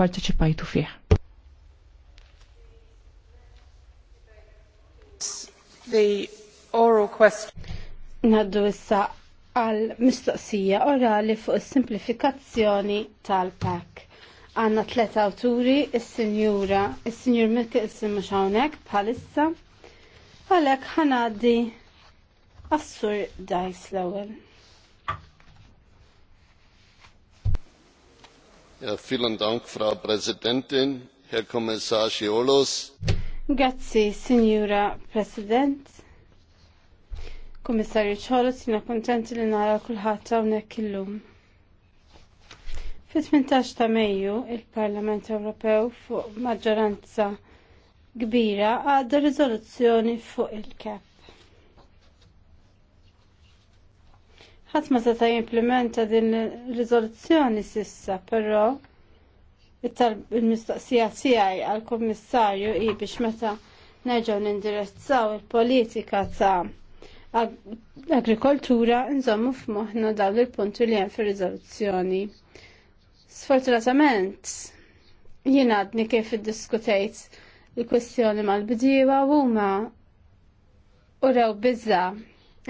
parteċipajtu fih. The oral question. Naddu issa għal mistoqsija orali fuq is-simplifikazzjoni tal-PAC. Għanna tlet awturi, is-sinjura, is-sinjur Mikkelsen sinjur hawnhekk bħalissa. Għalhekk ħanaddi għassur Dajs l ewel vielen Dank, Frau Präsidentin, Herr Kommissar Sciolos. Grazzi, Signora President. Kommissarju Ċolos, jina kontenti li nara kullħat hawnhekk illum. Fit-18 ta' Mejju, il-Parlament Ewropew fuq maġġoranza kbira għadda rizoluzzjoni fuq il-kep. ħadd ma seta' jimplementa din riżoluzzjoni sissa, però il-mistoqsija tiegħi għall-Kummissarju hi biex meta nerġgħu nindirizzaw il-politika ta' agrikoltura nżommu f'moħħna dawn il-punti li hemm fir-riżoluzzjoni. Sfortunatament, jien għadni kif iddiskutejt il-kwestjoni mal-bdiewa huma urew biża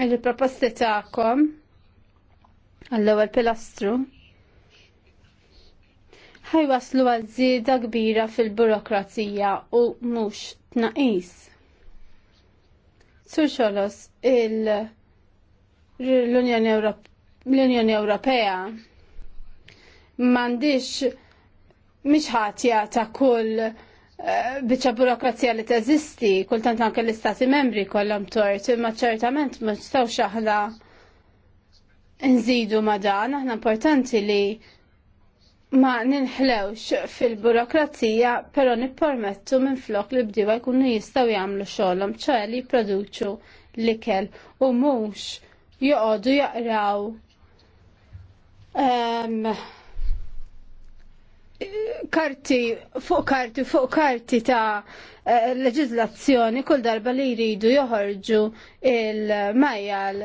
il-proposti tagħkom għall-ewwel pilastru waslu għal żieda kbira fil-burokrazija u mhux tnaqis. Sur xolos l-Unjoni Ewropea m'għandix mhix ħatja ta' kull eh, biċċa burokrazija li teżisti, kultant anke l-istati membri kollhom tort, imma ċertament ma nistgħux aħna nżidu ma dan, aħna importanti li ma ninħlewx fil-burokrazija, pero nippermettu minn flok li bdiwa jkunu jistaw jagħmlu xogħolhom, ċe li jipproduċu l-ikel u mhux joqogħdu jaqraw um, karti fuq karti fuq karti ta' uh, leġizlazzjoni kull darba li jridu joħorġu il-majjal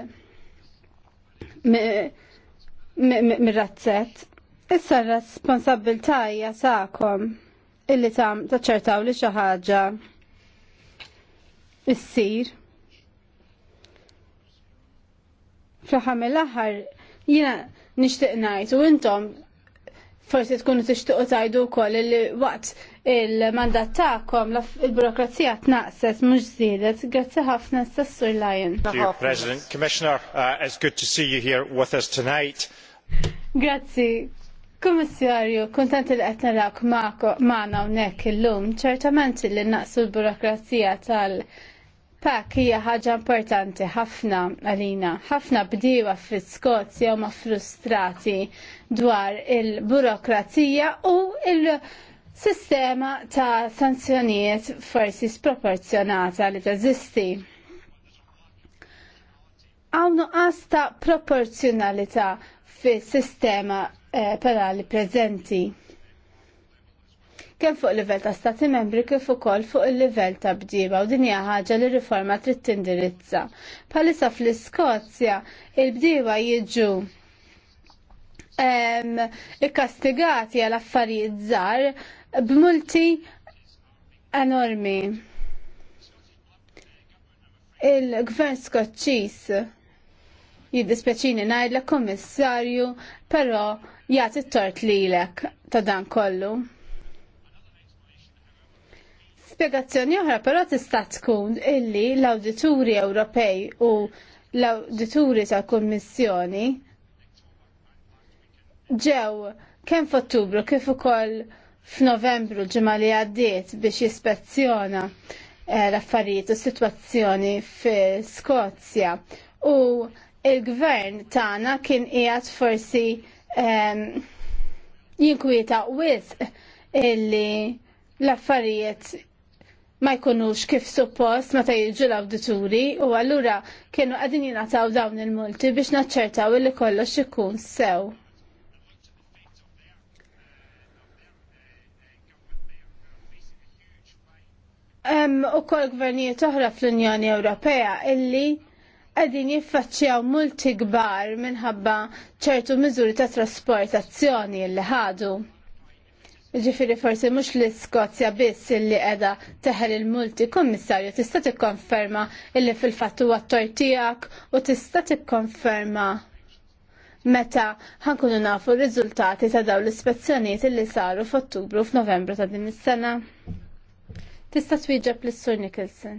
mir razzet Issa r responsabilità hija sakom illi tam taċċertaw li xi ħaġa issir. Fl-ħam l-aħħar jiena nixtieq ngħid u intom forsi tkunu tixtiequ tajdu wkoll li waqt il-mandat ta'kom il-burokrazija tnaqset mhux zidet, Grazzi ħafna Sassur Lion. President, Commissioner, uh, it's good to see you here with us tonight. Grazzi. Kummissarju, kontent li qed narak magħna hawnhekk illum, ċertament li naqsu l-burokrazija tal- Pak hija ħaġa importanti ħafna għalina. ħafna bdiewa fl-Skozja huma frustrati dwar il-burokrazija u il-burokrazija sistema ta' sanzjonijiet forsi sproporzjonata li teżisti. Għaw nuqqas ta' proporzjonalità fis sistema eh, penali prezenti. kemm fuq livell ta' stati membri kif ukoll fuq il-livell ta' bdiba u din hija ħaġa li riforma trid tindirizza. Bħalissa fl-Iskozja il-bdiba jiġu ikkastigati għal affarijiet żgħar b'multi enormi. Il-gvern skoċċis jiddispjaċini ngħidlek kummissarju, però jagħti t-tort lilek ta' dan kollu. Spiegazzjoni oħra però tista' tkun illi l-Awdituri Ewropej u l-Awdituri tal-Kummissjoni ġew kemm f'Ottubru kif ukoll f'Novembru ġimgħa li għaddiet biex jispezzjona eh, l-affarijiet u situazzjoni f'Skozja u il-gvern tagħna kien qiegħed forsi ehm, jinkwieta wisq illi l-affarijiet ma jkunux kif suppost meta jiġu l-awdituri u allura kienu qegħdin jingħataw dawn il-multi biex naċċertaw illi kollox ikun sew. Hemm ukoll gvernijiet oħra fl-Unjoni Ewropea illi qegħdin jiffaċċjaw multi kbar minħabba ċertu miżuri ta' trasportazzjoni li ħadu. Ġifiri forsi mhux l-ISKozja biss illi qiegħda teħel il-multi kommissarju tista' tikkonferma illi fil-fatt huwa tortijak u tista' tikkonferma meta ħankunu nafu r-riżultati ta' dawn l-ispezzjonijiet illi saru f'Ottubru f'Novembru ta' din is-sena. Tista' twieġeb lis sur Nicholson.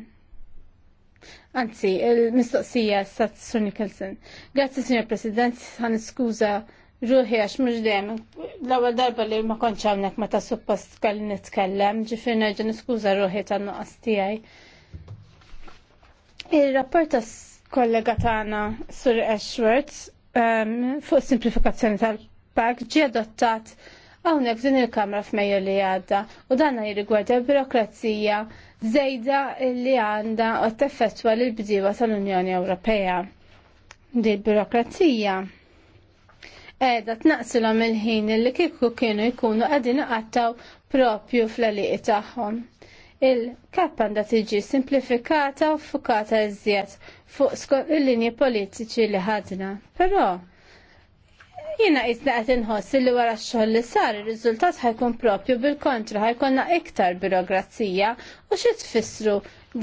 Anzi, il-mistoqsija sat sur Nicholson. Grazzi, Signor President, għan skuza Ruħi għax mux dejjem, l-ewwel darba li ma kontx hawnhekk meta suppost kelli nitkellem, ġifier nerġa' niskuża ruħi tan-nuqqas tiegħi. Ir-rapport tas kollega tagħna Sur Ashworth um, fuq simplifikazzjoni tal-pak ġie adottat hawnhekk din il-Kamra f'Mejju li għadda u danna jirrigwarda l-birokrazija żejda li għandha u teffettwa l bdiewa tal-Unjoni Ewropea. Di l-birokrazija edha t-naqsilom il-ħin li kieku kienu jkunu qegħdin għattaw propju fl-għaliq tagħhom. Il-kap għandha tiġi simplifikata u fukata iżjed fuq skor il-linji politiċi li ħadna. Però Jina jizda għet nħoss li wara xoll li sar, il-rizultat ħajkun propju bil-kontra, ħajkonna iktar birokrazija u xie tfissru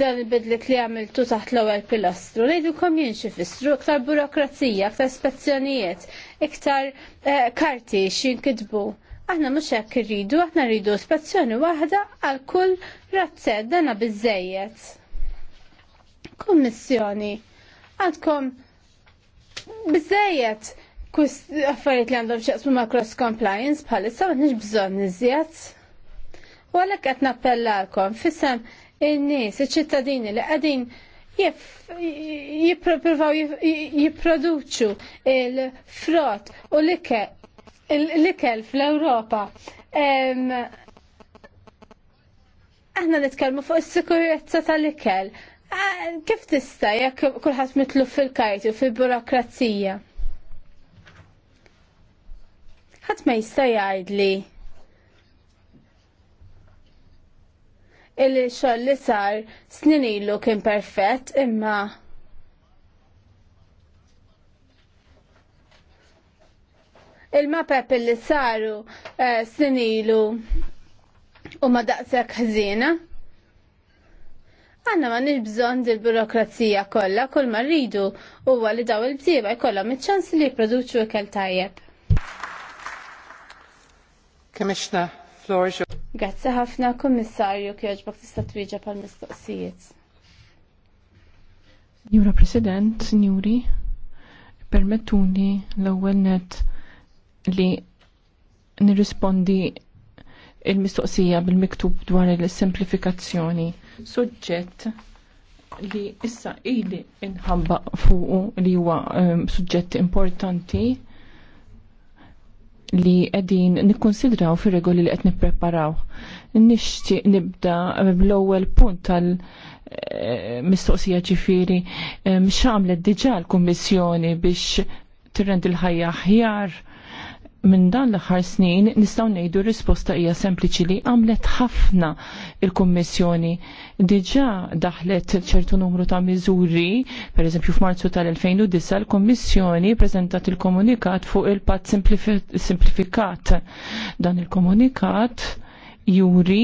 dan il bidlik li għamiltu taħt l-ewel pilastru. Nejdukom jien xie fissru iktar burokrazija, iktar spezzjonijiet, iktar eh, karti xie nkidbu. Aħna mux hekk irridu, aħna rridu spezzjoni waħda għal kull razzed dana bizzejiet. Kummissjoni, għandkom bizzejiet affarijiet li għandhom xieqsmu ma' cross compliance bħalissa ma' nix bżon nizjat. U għalek għat nappellalkom fissam il-nis, il-ċittadini li għadin jiproduċu jipproduċu il frot u l-ikel fl-Europa. Aħna nitkellmu fuq is sikurjetza tal-ikel. Ah, kif tista' jekk kulħadd mitlu fil-kajt u fil-burokrazija? ħadd ma jista' jgħidli Illi xoll li sar snin ilu kien perfett imma il-mapep li saru uh, snin ilu u ma daqsek ħżiena. Għanna ma nix bżon dil-burokrazija kollha kull ma rridu huwa li daw il bżiba jkollhom iċ-ċans li jipproduċu ikel tajjeb. Commissioner Flores. Grazzi ħafna, Kummissarju, kjoġbok tista' twieġa pal-mistoqsijiet. Jura President, Signori, permettuni l-ewwel net li nirrispondi il-mistoqsija bil-miktub dwar il-semplifikazzjoni. Suġġett li issa ili inħabba fuqu li huwa um, suġġett importanti li qegħdin nikkonsidraw fir-regoli li qed nippreparaw. Nixtieq nibda bl-ewwel punt tal- mistoqsija ġifiri mxamlet diġa l-Kommissjoni biex tirrend il-ħajja ħjar minn dan l-aħħar snin nistgħu ngħidu risposta hija sempliċi li għamlet ħafna il-Kummissjoni. Diġà daħlet ċertu numru ta' miżuri, pereżempju f'Marzu tal-2009 l-Kummissjoni preżentat il-komunikat fuq il-patt simplifikat. Dan il-komunikat juri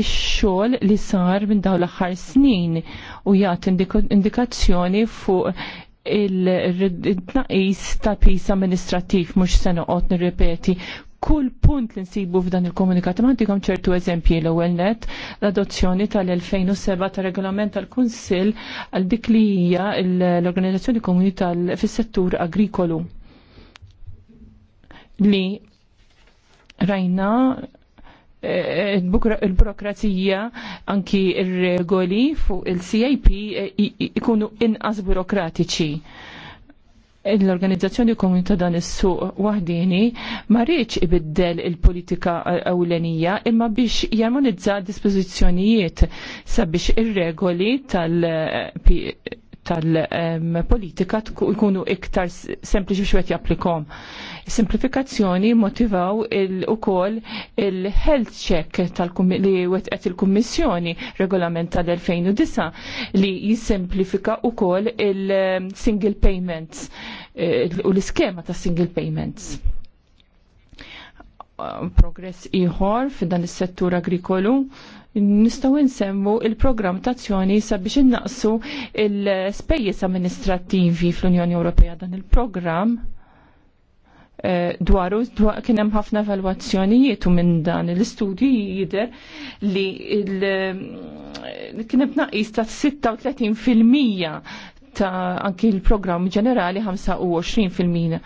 ix-xogħol li sar minn dawn l-aħħar snin u jagħti indikazzjoni fuq il-tnaqis ta' pis amministrativ mux se noqgħod nirripeti kull punt li nsibu f'dan il-komunikat għandikom ċertu eżempji l ewwel net l-adozzjoni tal-2007 ta' regolament tal-Kunsill għal dik li hija l-Organizzazzjoni Komuni tal-fis-settur agrikolu li rajna il-burokrazija anki il-regoli fuq il-CIP e, ikunu inqas burokratiċi l-organizzazzjoni komunità dan is-suq waħdini ma rridx ibiddel il-politika ewlenija imma biex jarmonizza dispożizzjonijiet sabiex ir-regoli tal tal-politika jkunu iktar sempliċi xwet japplikom. Simplifikazzjoni motivaw u kol il-health check li wetqet il-Kummissjoni regolament tal-2009 li jisimplifika kol il-single payments eh, u l-iskema ta' single payments uh, progress iħor f'dan is-settur agrikolu nistaw insemmu il-programm tazzjoni sabiex innaqsu il-spejjeż amministrattivi fl-Unjoni Ewropea dan il-programm eh, dwaru dwar kien hemm ħafna evalwazzjonijiet u minn dan l istudji jidher li eh, kien hemm tnaqqis ta' 36 ta' anki l-programm ġenerali 25 fil-mija.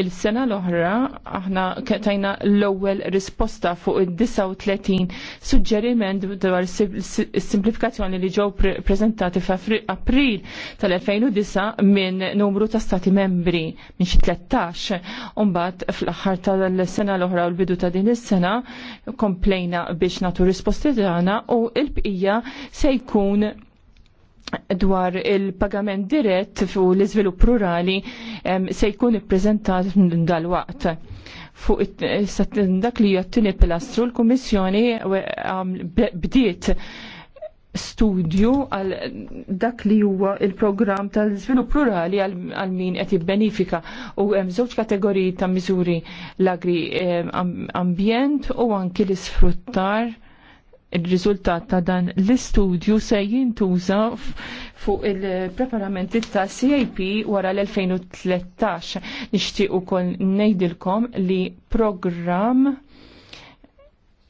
Il-sena l-oħra aħna tajna l-ewwel risposta fuq id-39 suġġeriment dwar is-simplifikazzjoni li ġew preżentati f'April tal-2009 minn numru ta' stati membri minn xi 13. Umbagħad fl-aħħar tal-sena l-oħra u l-bidu ta' din is-sena komplejna biex natu risposti tagħna u l-bqija se jkun dwar il-pagament dirett fuq l-iżvilupp rurali se jkun ippreżentat dal-waqt. Fuq dak li jattini pilastru l-Kummissjoni bdiet studju għal dak li huwa il-programm tal-żvilupp rurali għal min qed jibbenifika u hemm żewġ kategoriji ta' miżuri l-agri ambjent u anki l-isfruttar Il-riżultat ta' dan l-istudju se jintuża fuq il-preparamenti ta' CAP wara l-2013. Nixtieq ukoll ngħidilkom li programm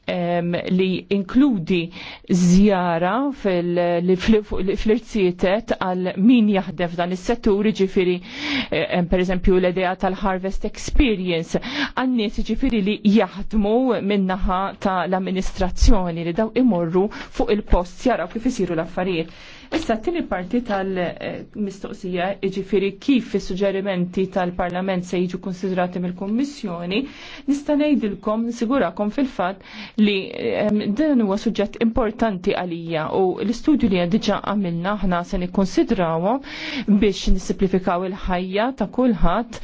li inkludi zjara fil-irzietet għal min jaħdem dan is-settur ġifiri eh, per eżempju l-idea tal-harvest experience għannis ġifiri li jaħdmu minnaħa tal-amministrazzjoni li daw imorru fuq il-post jaraw kif isiru l-affarijiet Issa t-tini parti tal-mistoqsija iġifiri kif is-suġġerimenti tal-Parlament se jiġu konsidrati mill-Kommissjoni, nista' ngħidilkom nsigurakom fil-fatt li ehm, dan huwa suġġett importanti għalija u l-istudju li diġa' għamilna aħna se nikkonsidrawhom biex nisimplifikaw il-ħajja ta' kulħadd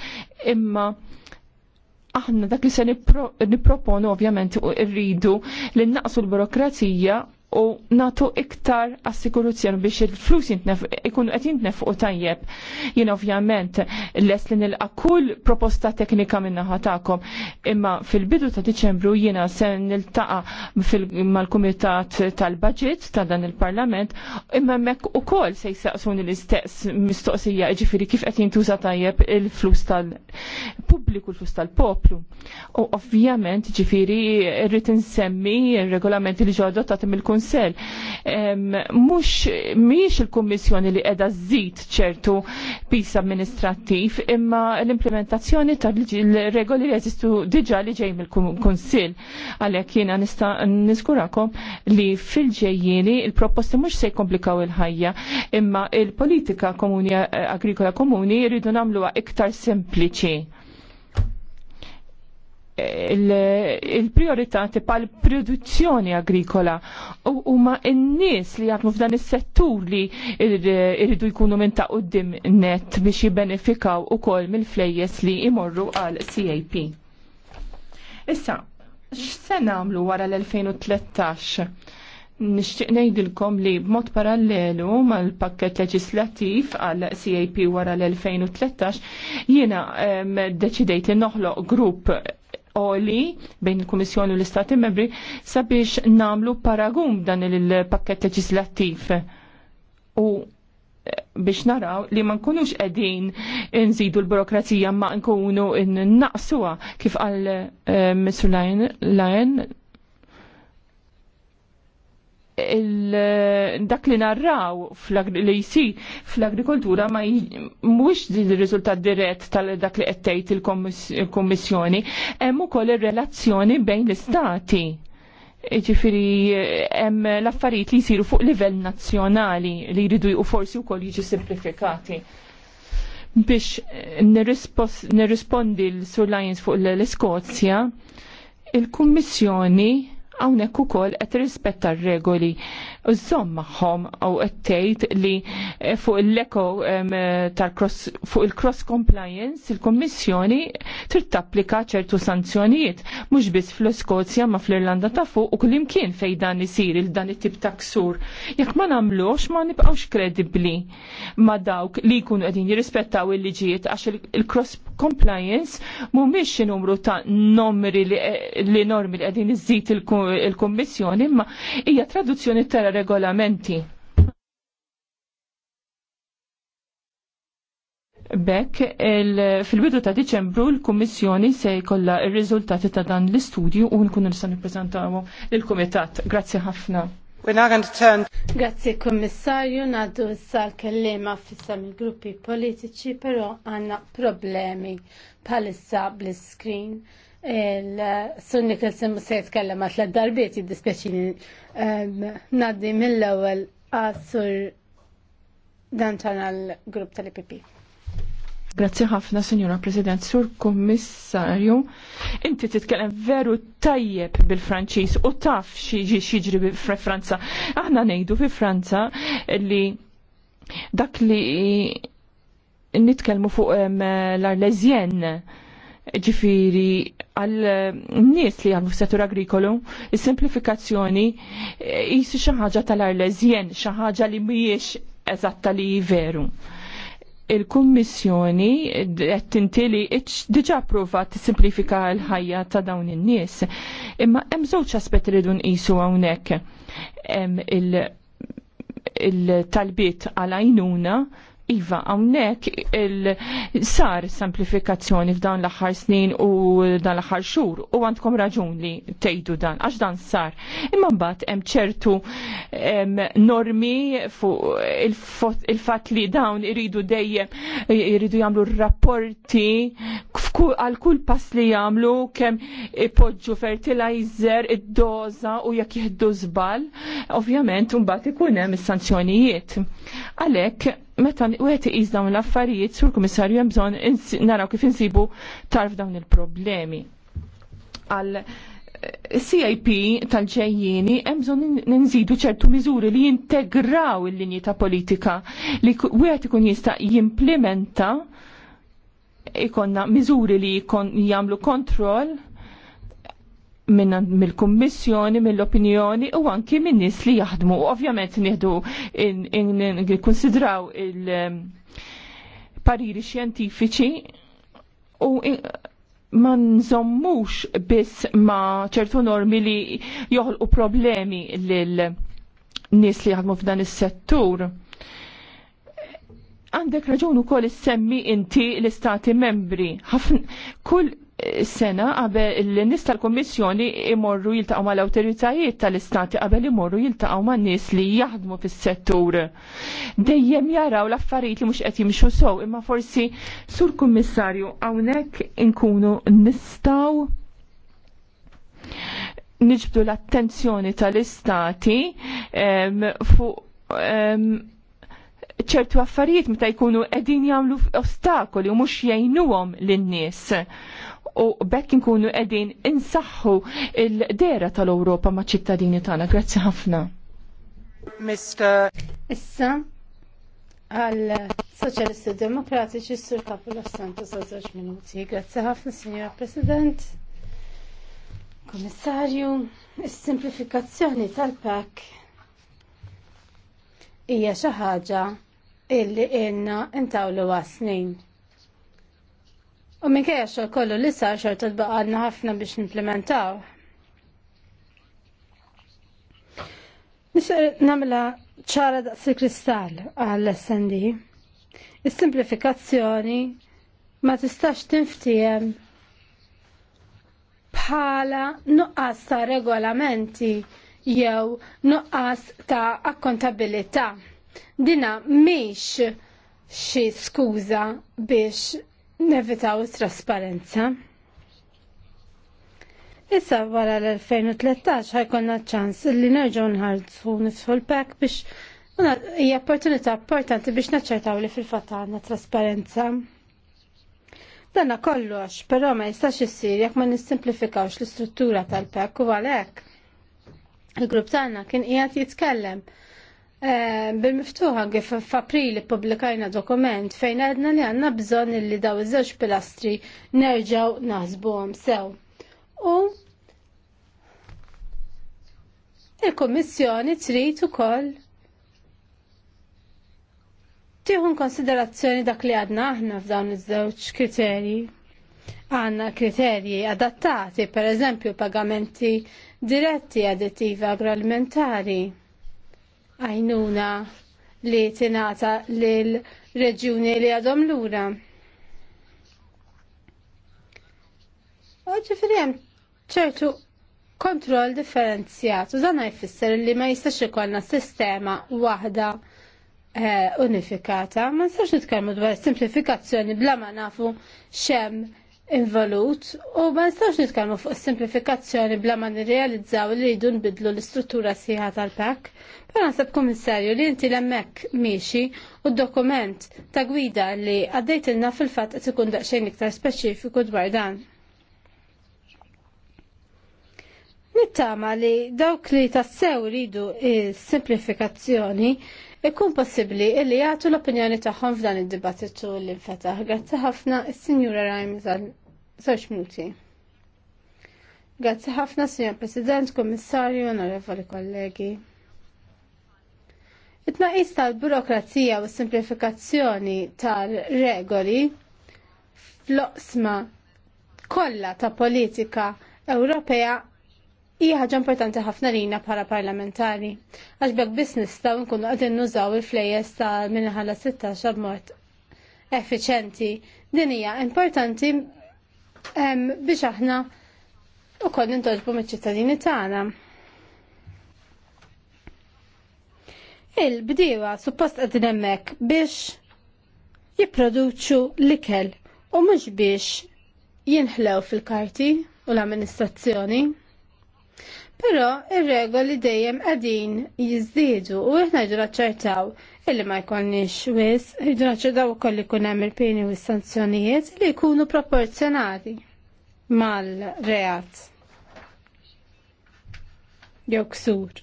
imma aħna dak li se nipproponu ovvjament irridu li naqsu l-burokrazija u natu iktar assikuruzzjon biex il-flus ikunu qed u tajjeb. Jien ovvjament les li nilqa' kull proposta teknika minnaħa tagħkom, imma fil-bidu ta' Diċembru jiena se niltaqa' mal-Kumitat tal-Baġit ta' dan il-Parlament, imma hemmhekk ukoll se jsaqsuni l-istess mistoqsija ġifieri kif qed jintuża tajjeb il-flus tal-pubbliku, l flus tal-poplu. U ovvjament ġifieri rrid insemmi ir-regolamenti li ġodda ta' mill Council, mux Mhux mhijiex il-Kummissjoni li qiegħda żżid ċertu pis amministrattiv, imma l-implementazzjoni tal-regoli li jeżistu diġà li ġej mill-Kunsill. Għalhekk jiena nista' niskurakom li fil ġejjini il-proposti mhux se jkomplikaw il-ħajja, imma il-politika komuni eh, agrikola komuni jridu nagħmluha iktar sempliċi il-priorità l produzzjoni agrikola u huma n-nies li jaħdmu f'dan is-settur li irridu jkunu minn ta' qudiem net biex jibbenefikaw ukoll mill-flejjes li imorru għal CAP. Issa, x'se nagħmlu wara l-2013? Nixtieq ngħidilkom li b'mod parallelu mal-pakket leġislattiv għal CAP wara l-2013 jiena deċidejt li noħloq grupp oli bejn il-Kummissjoni u l-Istati Membri sabiex namlu paragum dan il-pakket leġislattiv u eh, biex naraw li ma nkunux qegħdin nżidu l-burokrazija ma nkunu naqsuha kif qal eh, Mr. Lyon dak li narraw li jisir fl-agrikoltura ma mhuwiex il-riżultat dirett tal-dak li qed tgħid il-Kummissjoni, hemm ukoll ir-relazzjoni bejn l-istati. Ġifiri, hemm l-affarijiet li jsiru fuq livell nazzjonali li jridu u forsi wkoll jiġu simplifikati biex nirrispondi l-Sur Lions fuq l-Iskozja, il-Kummissjoni hawnhekk ukoll qed rispetta r-regoli u maħħom magħhom u qed tgħid li eh, fuq l-eko eh, fuq il-cross compliance il-Kummissjoni trid tapplika ċertu sanzjonijiet mhux biss fl skozja ma fl-Irlanda ta' fuq u kullimkien fejn dan isir il dan it-tip ta' ksur. Jekk ma nagħmlux ma nibqgħux kredibbli ma dawk li jkunu qegħdin jirrispettaw il-liġijiet għax il-cross compliance mhumiex numru ta' nomri li eh, normi li qegħdin iżid il-Kummissjoni imma hija traduzzjoni tara regolamenti. Bekk, fil-bidu ta' Diċembru l-Kummissjoni se jkollha r-riżultati ta' dan l-istudju u nkunu nista' nippreżentawhom l kumitat Grazzi ħafna. Grazzi Kummissarju, naddu issa sal kellima fissam il-gruppi politiċi, però għandna problemi bħalissa bl-screen il-Sunni Kilsim se jitkellem għat l-darbiet jiddispeċini ehm, naddi mill-ewel għasur dan għal-grupp tal-IPP. Grazzi ħafna, Signora President, Sur Kommissarju. Inti titkellem veru tajjeb bil-Franċis u taf xieġi xieġri bil franza Aħna nejdu fi Franza li dak li nitkellmu fuq ehm, l-Arlezjen ġifiri għal nies li għal settur agrikolu, il-simplifikazzjoni eh, jisi xaħġa tal-arleżjen, xaħġa li miex eżatta li veru. Il-Kummissjoni qed li diġà prova tissimplifika l-ħajja ta' dawn in-nies. Imma hemm żewġ aspetti li dun qisu hawnhekk. il-talbiet għal għajnuna Iva, għawnek il-sar semplifikazzjoni f'dan l-axar snin u dan l-axar xur u għandkom raġun li tejdu dan, għax dan sar. Imma bat hemm ċertu normi fuq il-fat li dawn iridu dejjem iridu jagħmlu rapporti għal kull pass li jagħmlu kemm ipoġġu fertilizer id-doża u jekk jieħdu żball, ovvjament mbagħad ikun hemm is-sanzjonijiet. Għalhekk meta wieħed iqis dawn l-affarijiet sur kummissarju hemm bżonn naraw kif insibu tarf dawn il-problemi. Għal eh, CIP tal ġejjini hemm bżonn ninżidu ċertu miżuri li jintegraw il-linji ta' politika li wieħed ikun jista' jimplementa ikonna miżuri li jkun jagħmlu kontroll mill-kummissjoni, mill-opinjoni u anki minn nies li jaħdmu. Ovvjament nieħdu konsidraw il-pariri ehm, xjentifiċi u ma nżommux biss ma ċertu normi li joħolqu problemi lil nies li jaħdmu f'dan is-settur. Għandek raġun ukoll issemmi inti l-istati membri. Kull sena qabel l-nis tal-Kommissjoni imorru jiltaqgħu mal-awtoritajiet tal-istati qabel imorru jiltaqgħu man-nies li jaħdmu fis-settur. Dejjem jaraw l-affarijiet li mhux qed jimxu sew, imma forsi sur kummissarju hawnhekk inkunu nistgħu niġbdu l-attenzjoni tal-istati fuq ċertu affarijiet meta jkunu qegħdin jagħmlu ostakoli u mhux jgħinuhom lin-nies u bekk inkunu qegħdin insaħħu il-dera tal-Ewropa ma' ċittadini tagħna. Grazzi ħafna. Mr. Issa għal Soċjalisti Demokratiċi Sur Kapula Santos għal żewġ minuti. Grazzi ħafna, Signora President. Komissarju, is-simplifikazzjoni tal pac hija xi ħaġa illi ilna intawlu għasnin. snin U minkejja xogħol kollu li sar xorta tbaqadna ħafna biex implementaw. Nisir namla ċara daqs il-kristall għall-SND. Is-simplifikazzjoni ma tistax tinftiem bħala nuqqas ta' regolamenti jew nuqqas ta' akkontabilità. Dina miex xi skuża biex nevitaw trasparenza. Issa wara l-2013 ħajkonna ċans li nerġgħu nħarġu nifsu l pek biex hija opportunità importanti biex naċċertaw li fil-fatt għandna trasparenza. Danna kollox, però ma jistax issir jekk ma nissimplifikawx l-istruttura tal pek u għalhekk. Il-grupp tagħna kien qiegħed jitkellem Eh, bil-miftuħa kif f'April publikajna dokument fejn għedna li għanna bżonn li daw iż-żewġ pilastri nerġaw naħsbuhom sew. U il-Kummissjoni trid ukoll tieħu konsiderazzjoni dak li għadna aħna f'dawn iż-żewġ kriterji. Għanna kriterji adattati, per eżempju, pagamenti diretti additivi agroalimentari għajnuna li tinata l-reġjuni li għadhom lura. Ġifiri hemm ċertu kontroll differenzjat u dan jfisser li ma jistax ikollna sistema waħda eh, unifikata, ma nistax nitkellmu dwar simplifikazzjoni bla ma nafu xem involut u ma nistax nitkellmu fuq simplifikazzjoni bla ma nirrealizzaw li rridu nbidlu l-istruttura sieħa tal-pak. Però nasab kummissarju li inti l-hemmhekk miexi u d-dokument ta' gwida li għaddejtilna fil-fatt qed ikun daqsxejn iktar speċifiku dwar dan. Nittama li dawk li tassew ridu simplifikazzjoni ikun possibli illi jgħatu l-opinjoni tagħhom f'dan id-dibattitu li nfetaħ. Grazzi ħafna is-Sinjura Rajm Sarx minuti. Grazzi ħafna, Signor President, Kommissarju, onorevoli kollegi. It-naqis tal-burokrazija u simplifikazzjoni tal-regoli fl-oqsma kollha ta' politika Ewropea hija ħaġa importanti ħafna lina bħala parlamentari. Għax bekk biss nistgħu nkunu qegħdin nużaw il flejes ta' minnaħala 16 b'mod efficienti. Din hija importanti biex aħna u koll nintoġbu mit-ċittadini tagħna. Il-bdiewa suppost qegħdin hemmhekk biex jipproduċu l-ikel u mhux biex jinħlew fil-karti u l-amministrazzjoni. Però ir-regoli dejjem qegħdin jiżdiedu u aħna jdu ċertaw illi ma jkollniex wis, jidroċu daw ukoll ikun hemm il-pieni u s-sanzjonijiet li jkunu proporzjonati mal-reat jew ksur.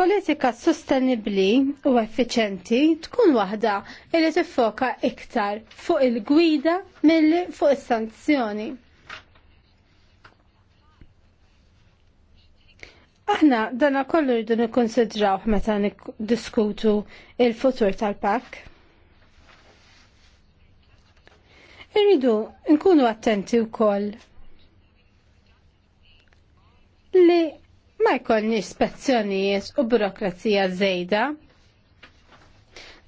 Politika sostenibli u effiċenti tkun waħda li tiffoka iktar fuq il-gwida milli fuq is-sanzjoni. il gwida mill fuq is sanzjoni Aħna dana kollu rridu nikkonsidraw meta niddiskutu il-futur tal-pak. Irridu nkunu attenti wkoll li ma jkollni spezzjonijiet u burokrazija żejda.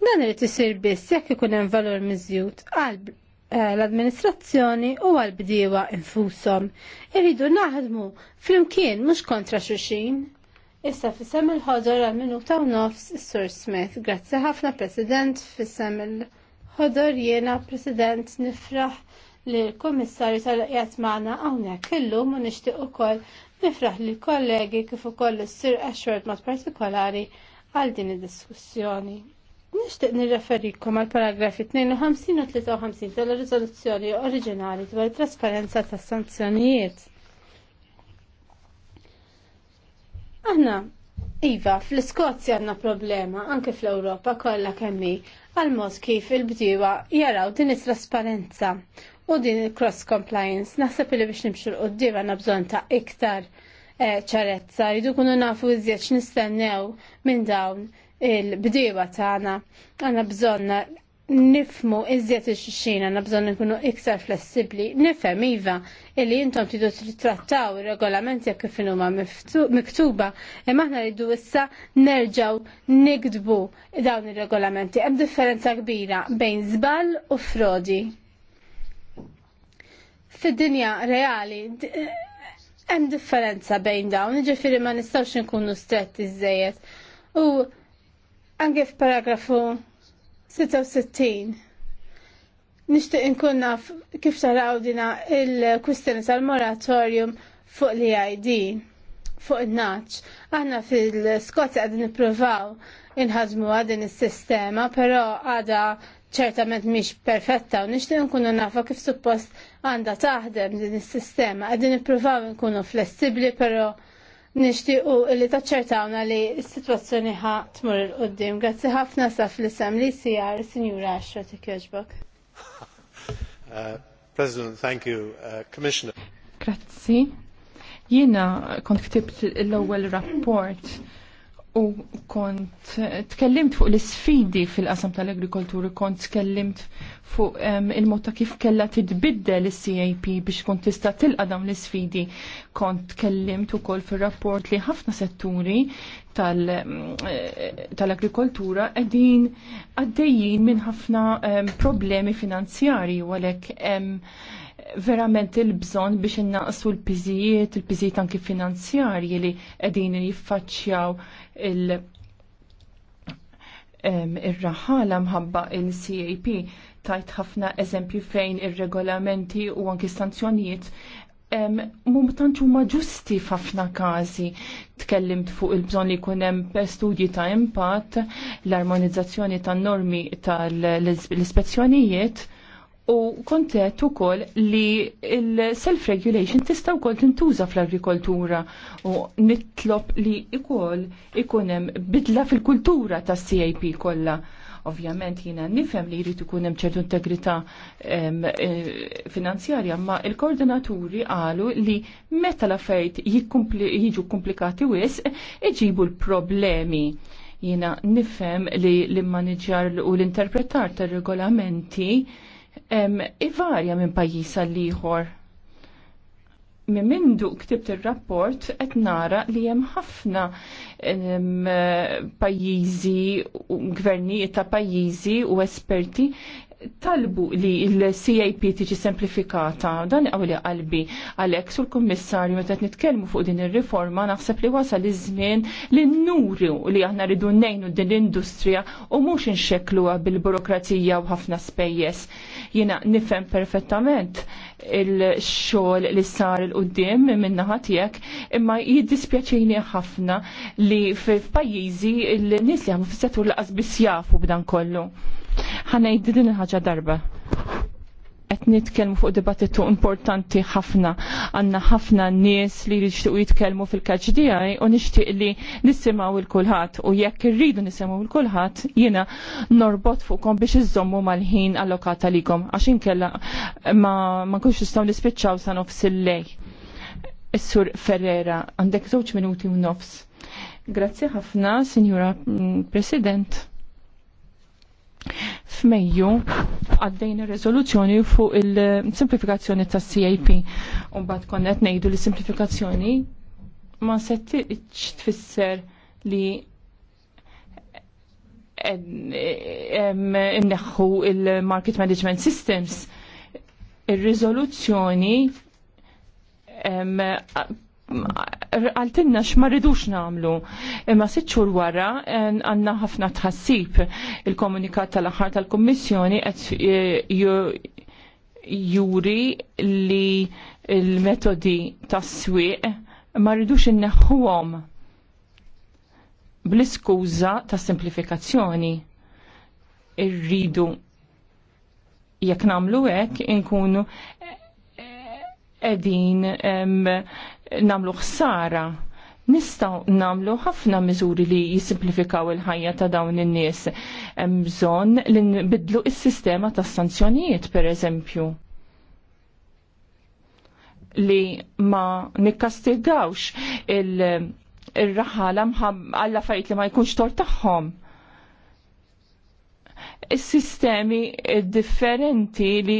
Dan irid isir biss jekk ikun hemm valur miżjud għal Eh, l administrazzjoni u għal-bdiewa infushom. Irridu naħdmu flimkien mhux kontra xuxin. Issa fissem il-ħodor għal-minuta u nofs Sur Smith. Grazzi ħafna President fissem il-ħodor jiena President nifraħ li l-Komissarju tal-qjat maħna hawnhekk illum u nishtiq ukoll nifraħ li kollegi kif ukoll is-Sir Ashford mod partikolari għal din id-diskussjoni. Nishtiq nirreferikom għal paragrafi 52 u 53 tal-rizoluzzjoni oriġinali dwar trasparenza tas sanzjonijiet. Aħna, Iva, fl-Iskozja għanna problema, anke fl-Europa kollha kemmi, għal-mod kif il-bdiewa jaraw din it-trasparenza u din il-cross compliance. Naħseb li biex nimxu l-qoddim għanna bżon ta' iktar eh, ċarezza, jridu kunu nafu iżjed nistennew minn dawn il-bdiewa tagħna għandna bżonn nifmu iżjed ix-xina għandna bżonn nkunu iktar flessibbli, nifhem iva illi intom tridu trattaw ir-regolamenti jekk kif huma miktuba, imma aħna rridu issa nerġgħu nikdbu dawn ir-regolamenti. Hemm differenza kbira bejn żball u frodi. Fid-dinja reali hemm differenza bejn dawn, jiġifieri ma nistgħux inkunu stretti iżejjed. U Anke f'paragrafu 66 nixtieq inkunna naf kif taraw dina il-kwistjoni tal-moratorium fuq l id fuq il-naċ. Aħna fil-Skotja għadin nippruvaw inħazmu għadin is-sistema, però għada ċertament mhix perfetta u nixtieq nkunu nafa kif suppost għandha taħdem din is-sistema. Qegħdin nippruvaw nkunu flessibbli però nishtiqu li taċċertawna li s-situazzjoni ħa tmur il-qoddim. Grazzi ħafna saf li sem li sijar, Sinjura Ashra, tikjoġbok. Uh, President, thank you. Uh, Commissioner. Grazzi. Jina kont ktibt l-ewwel rapport u kont tkellimt fuq l-sfidi fil-qasam tal-agrikolturi, kont tkellimt fuq il-mod ta' kif kella titbiddel is-CAP biex kont tista' tilqa' dawn l-sfidi. Kont tkellimt ukoll fir-rapport li ħafna setturi eh, tal-agrikoltura tal qegħdin għaddejjin minn ħafna problemi finanzjarji u għalhekk verament il-bżon biex innaqsu l-piżijiet, il-piżijiet anki finanzjarji li qegħdin jiffaċċjaw il- ir-raħala mħabba il-CAP tajt ħafna eżempju fejn ir-regolamenti u anki sanzjonijiet mumtanċ huma ġusti f'ħafna każi. Tkellimt fuq il-bżon li jkun hemm studji ta' impatt, l-armonizzazzjoni tan normi tal-ispezzjonijiet, U kontet u koll li il-self-regulation tista' wkoll tintuża fl-agrikoltura u nitlob li ikoll ikunem bidla fil-kultura tas CIP kollha. Ovvjament jina nifhem li jrid ikun hemm ċertu integrità e, finanzjarja, ma il-koordinaturi qalu li meta l-affarijiet jiġu komplikati wisq iġibu l-problemi jina nifhem li l-immaniġjar u l-interpretar tar-regolamenti ivarja minn pajjiż għal ieħor. Minn mindu ktibt ir-rapport qed nara li hemm ħafna pajjiżi, gvernijiet ta' pajjiżi u esperti talbu li l cap tiġi semplifikata, dan għawli qalbi għalek sur kummissarju meta nitkelmu fuq din ir-riforma naħseb li wasal iż-żmien li nuru li aħna ridu nejnu din l-industrija u mhux inxekluha bil-burokrazija u ħafna spejjeż. Jiena nifhem perfettament il-xogħol li sar il qoddim minna ħatijek, tiegħek, imma jiddispjaċini ħafna li f'pajjiżi il-nies li għamu f settur laqas biss jafu b'dan kollu. Ħanejd din ħaġa darba qed nitkellmu fuq dibattitu importanti ħafna. Għandna ħafna nies li jixtiequ jitkellmu fil-kaċ tiegħi u nixtieq li nisimgħu il kulħadd u jekk irridu nisimgħu il kulħadd jiena norbot fuqhom biex iżommu mal-ħin allokata likom għax inkella ma ma nkunx nistgħu nispiċċaw sa nofs il-lej. Is-sur Ferrera, għandek żewġ minuti u nofs. Grazzi ħafna, Signora mm, President. F'Mejju ir rezoluzzjoni fuq il-simplifikazzjoni tas CAP u mbagħad konna qed ngħidu li simplifikazzjoni ma settiċ tfisser li inneħħu il-market management systems. Ir-riżoluzzjoni għaltinna xmaridux rridux nagħmlu. Imma sitt xhur wara eh, għandna ħafna tħassib il-komunikat tal-aħħar tal-Kummissjoni qed eh, juri li il-metodi tas-swieq ma rridux inneħħuhom bl-iskuża ta' simplifikazzjoni. Irridu jekk nagħmlu hekk inkunu eh, edin namlu ħsara nistaw namlu ħafna miżuri li jisimplifikaw il-ħajja ta' dawn in-nies. Hemm bżonn li nbidlu s-sistema tas sanzjonijiet pereżempju. Li ma nikkastigawx il-raħala għalla fajt li ma jkunx tort tagħhom sistemi differenti li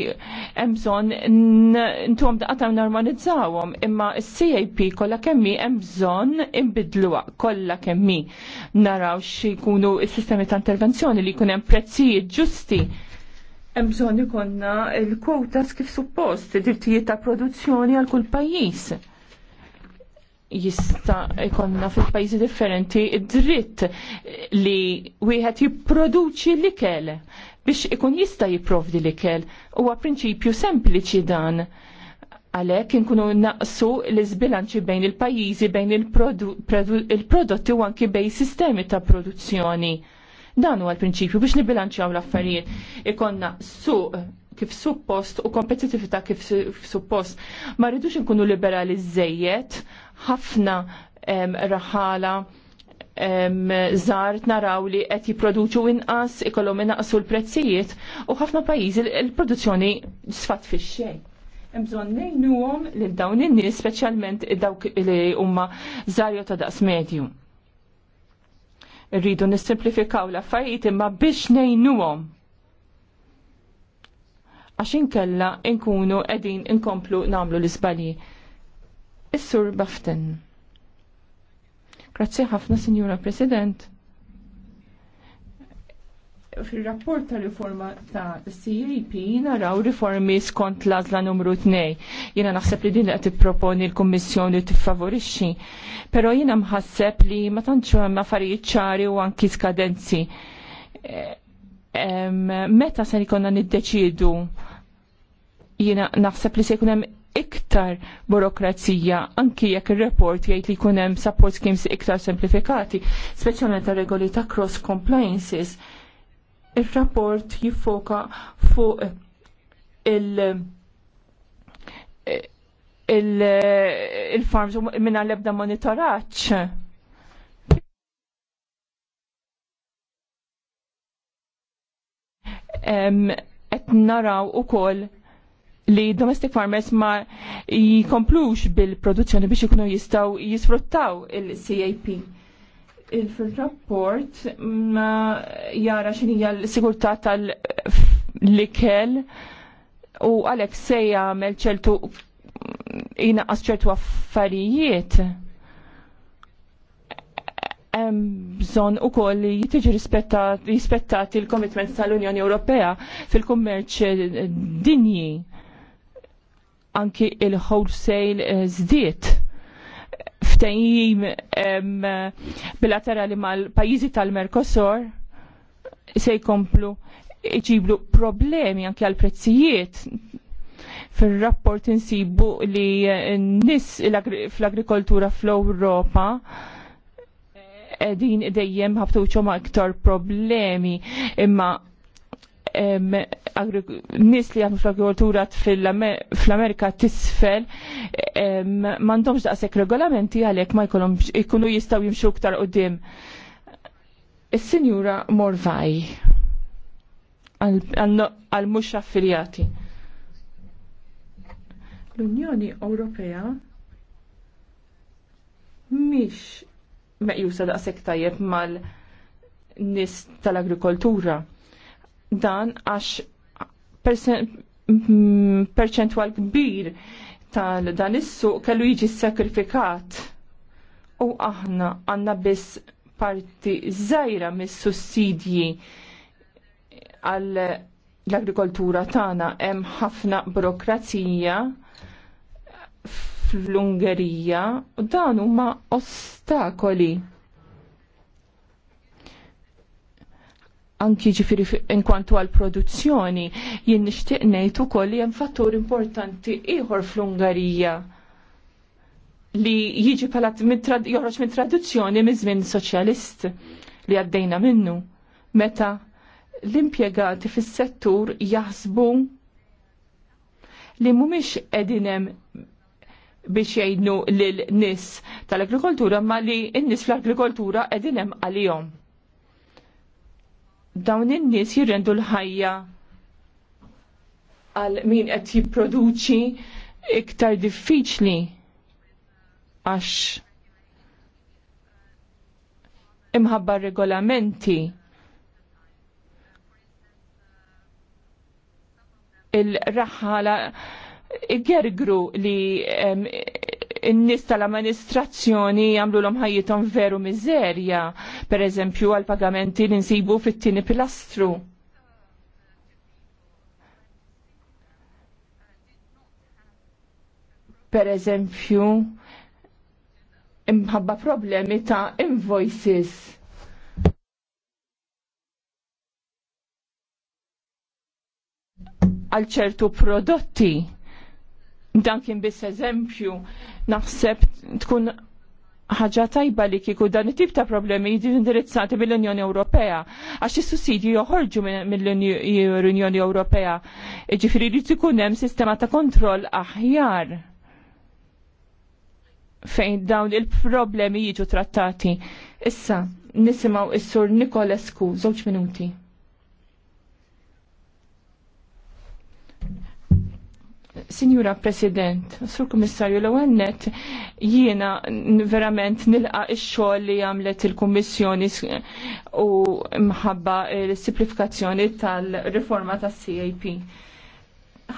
emżon n-tum daqata normalizzawom imma CAP kolla kemmi emżon imbidluwa kolla kemmi naraw kunu il-sistemi ta' intervenzjoni li kunem prezzijiet ġusti emżon ikonna il-kwotas kif suppost, dirtijiet ta' produzzjoni għal kull pajis jista ikonna fil-pajzi differenti dritt li wieħed jipproduċi l-ikel biex ikun jista jipprovdi l-ikel huwa prinċipju sempliċi dan għalhekk inkunu naqsu l-iżbilanċi bejn il-pajjiżi bejn il-prodotti u anki bejn sistemi ta' produzzjoni. Dan huwa l-prinċipju biex nibilanċjaw l-affarijiet. Ikonna suq kif suppost u kompetitività kif suppost. Ma rridux nkunu liberali żejjed ħafna raħala żar naraw li qed jipproduċu inqas ikollhom inqasu l-prezzijiet u ħafna pajjiżi l-produzzjoni sfat fix-xejn. Hemm bżonn ngħinuhom lil dawn in-nies speċjalment dawk li huma żarju ta' daqs medju. Rridu nissimplifikaw l-affarijiet imma biex ngħinuhom għax inkella nkunu qegħdin inkomplu nagħmlu l-isbalji. Is-Sur Baften. Grazzi ħafna, Signora President. Fil-rapport ta' riforma ta' CAP e naraw riformi skont l numru 2. Jena naħseb li din qed proponi l-Kummissjoni tiffavorixxi, però jiena mħasseb li ma tantx hemm affarijiet ċari u anki skadenzi. Meta se jkollna niddeċiedu, jiena naħseb li se jkun hemm iktar burokrazija anki jekk ir-report jgħid li jkun hemm support schemes iktar semplifikati, speċjalment ta' regoli ta' cross compliances. Ir-rapport jiffoka fuq il- il-farms il minna l-ebda monitoraċ. et naraw u koll li domestic farmers ma jikomplux bil-produzzjoni biex ikunu jistaw jisfruttaw il-CAP. Il-rapport ma jara xinija l-sigurtà tal-likel u għalek se jagħmel ċertu jinaqqas ċertu affarijiet hemm bżonn ukoll li jitiġi rispettati il-commitments tal-Unjoni Ewropea fil-kummerċ dinji anki il-wholesale eh, zdiet ftejjim bilaterali mal-pajizi tal-Mercosur se jkomplu iġiblu problemi anke għal prezzijiet fil-rapport insibu li nis fl-agrikoltura fl-Europa eh, din dejjem ħabtuċom iktar problemi imma nis li għandu fl-agrikoltura fl-Amerika tisfel mandomx daqsek regolamenti għalek ma jkunu ikunu jistaw jimxu ktar qudiem. Is-Sinjura Morvaj għal mhux affiljati. L-Unjoni Ewropea mish meqjusa daqshekk tajjeb mal-nis tal-agrikoltura dan għax perċentwal kbir tal dan is-suq kellu jiġi sakrifikat. U aħna għandna biss parti żgħira mis-sussidji għal l-agrikoltura tagħna hemm ħafna burokrazija fl-Ungerija u dan huma ostakoli anki ġifiri inkwantu għal produzzjoni jien nixtieq ngħid ukoll li hemm fattur importanti ieħor fl-Ungarija li jiġi palat joħroġ minn traduzzjoni minn żmien soċjalist li għaddejna minnu meta l-impjegati fis-settur jaħsbu li mhumiex qegħdin hemm biex jgħidnu lil nies tal-agrikoltura ma li n-nies fl-agrikoltura qegħdin hemm għalihom dawn in-nies jirrendu l-ħajja għal min qed jipproduċi iktar diffiċli għax imħabba regolamenti il-raħħala gergru li n-nis tal-amministrazzjoni jamlu l ħajjitom veru mizerja, per eżempju għal-pagamenti li nsibu fit-tini pilastru. Per eżempju, imħabba problemi ta' invoices. għal ċertu prodotti dan kien biss eżempju naħseb tkun ħaġa tajba li kieku dan it-tip ta' problemi jiġu indirizzati mill-Unjoni Ewropea għax is-sussidji joħorġu mill-Unjoni Ewropea. Ġifieri li tkun hemm sistema ta' kontroll aħjar fejn dawn il-problemi jiġu trattati. Issa, nisimaw is-sur Nikolesku, żewġ minuti. Signora President, Sur Kommissarju l net jiena verament nilqa ix-xogħol li għamlet il-Kummissjoni u mħabba l-simplifikazzjoni tal-riforma tas-CAP.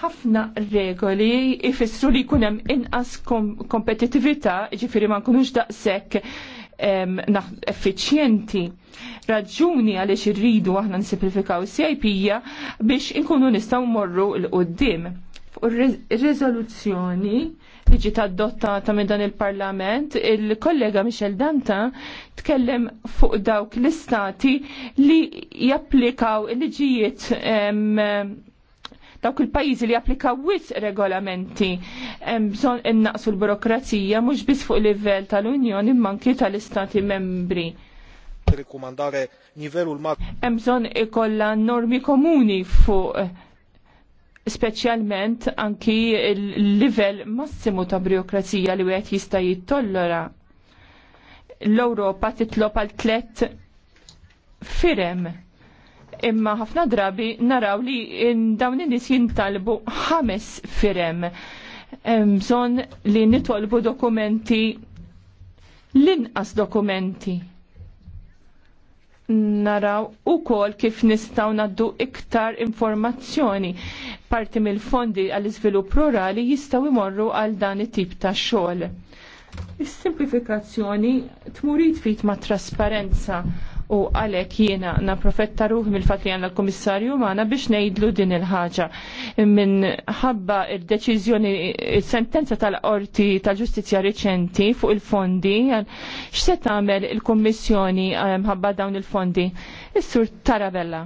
Ħafna regoli ifissru li jkun hemm inqas kompetitività, ġifieri ma nkunux daqshekk effiċjenti. Raġuni għaliex irridu aħna nsimplifikaw CIP hija biex inkunu nistgħu morru l qudiem fuq riżoluzzjoni li ġiet adottata minn dan il-Parlament, il-kollega Michel Danta tkellem fuq dawk l-istati li japplikaw il-liġijiet dawk il-pajjiżi li japplikaw wis regolamenti bżonn innaqsu l-burokrazija mhux biss fuq livell tal-Unjoni manki tal-Istati membri rekomandare nivelul mat. Hemm bżonn ikolla normi komuni fuq speċjalment anki il level massimu ta' burokrazija li wieħed jista' jittollora. L-Ewropa titlob għal tlet firem imma ħafna drabi naraw li dawn in-nies jintalbu ħames firem. Bżonn li nitolbu dokumenti l-inqas dokumenti naraw u kol kif nistaw naddu iktar informazzjoni. Parti mill-fondi għall-izvilupp rurali jistaw imorru għal dan it-tip ta' xogħol. Is-simplifikazzjoni tmurid fit ma' trasparenza u għalek jiena naprofetta ruħ mill fatt li għanna l-komissarju maħna biex nejdlu din il-ħagġa. Minħabba il-deċizjoni, il-sentenza tal-qorti tal-ġustizja reċenti fuq il-fondi, x'se tagħmel il-kommissjoni eh, ħabba dawn il-fondi? Is-sur Tarabella.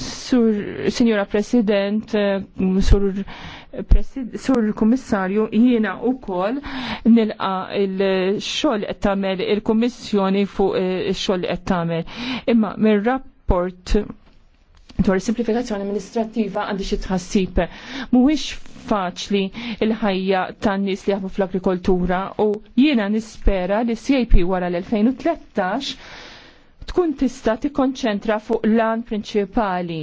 Sur, Signora President, eh, Sur Sur il-Kummissarju jiena wkoll nilqa il-xogħol qed tagħmel il-Kummissjoni fuq eh, ix-xogħol qed tagħmel. Imma mir-rapport dwar simplifikazzjoni amministrattiva għandi xi tħassib. Mhuwiex faċli il-ħajja tan-nies li jaħdmu fl-agrikoltura u jiena nispera li CIP wara l-2013 tkun tista' tikkonċentra fuq lan prinċipali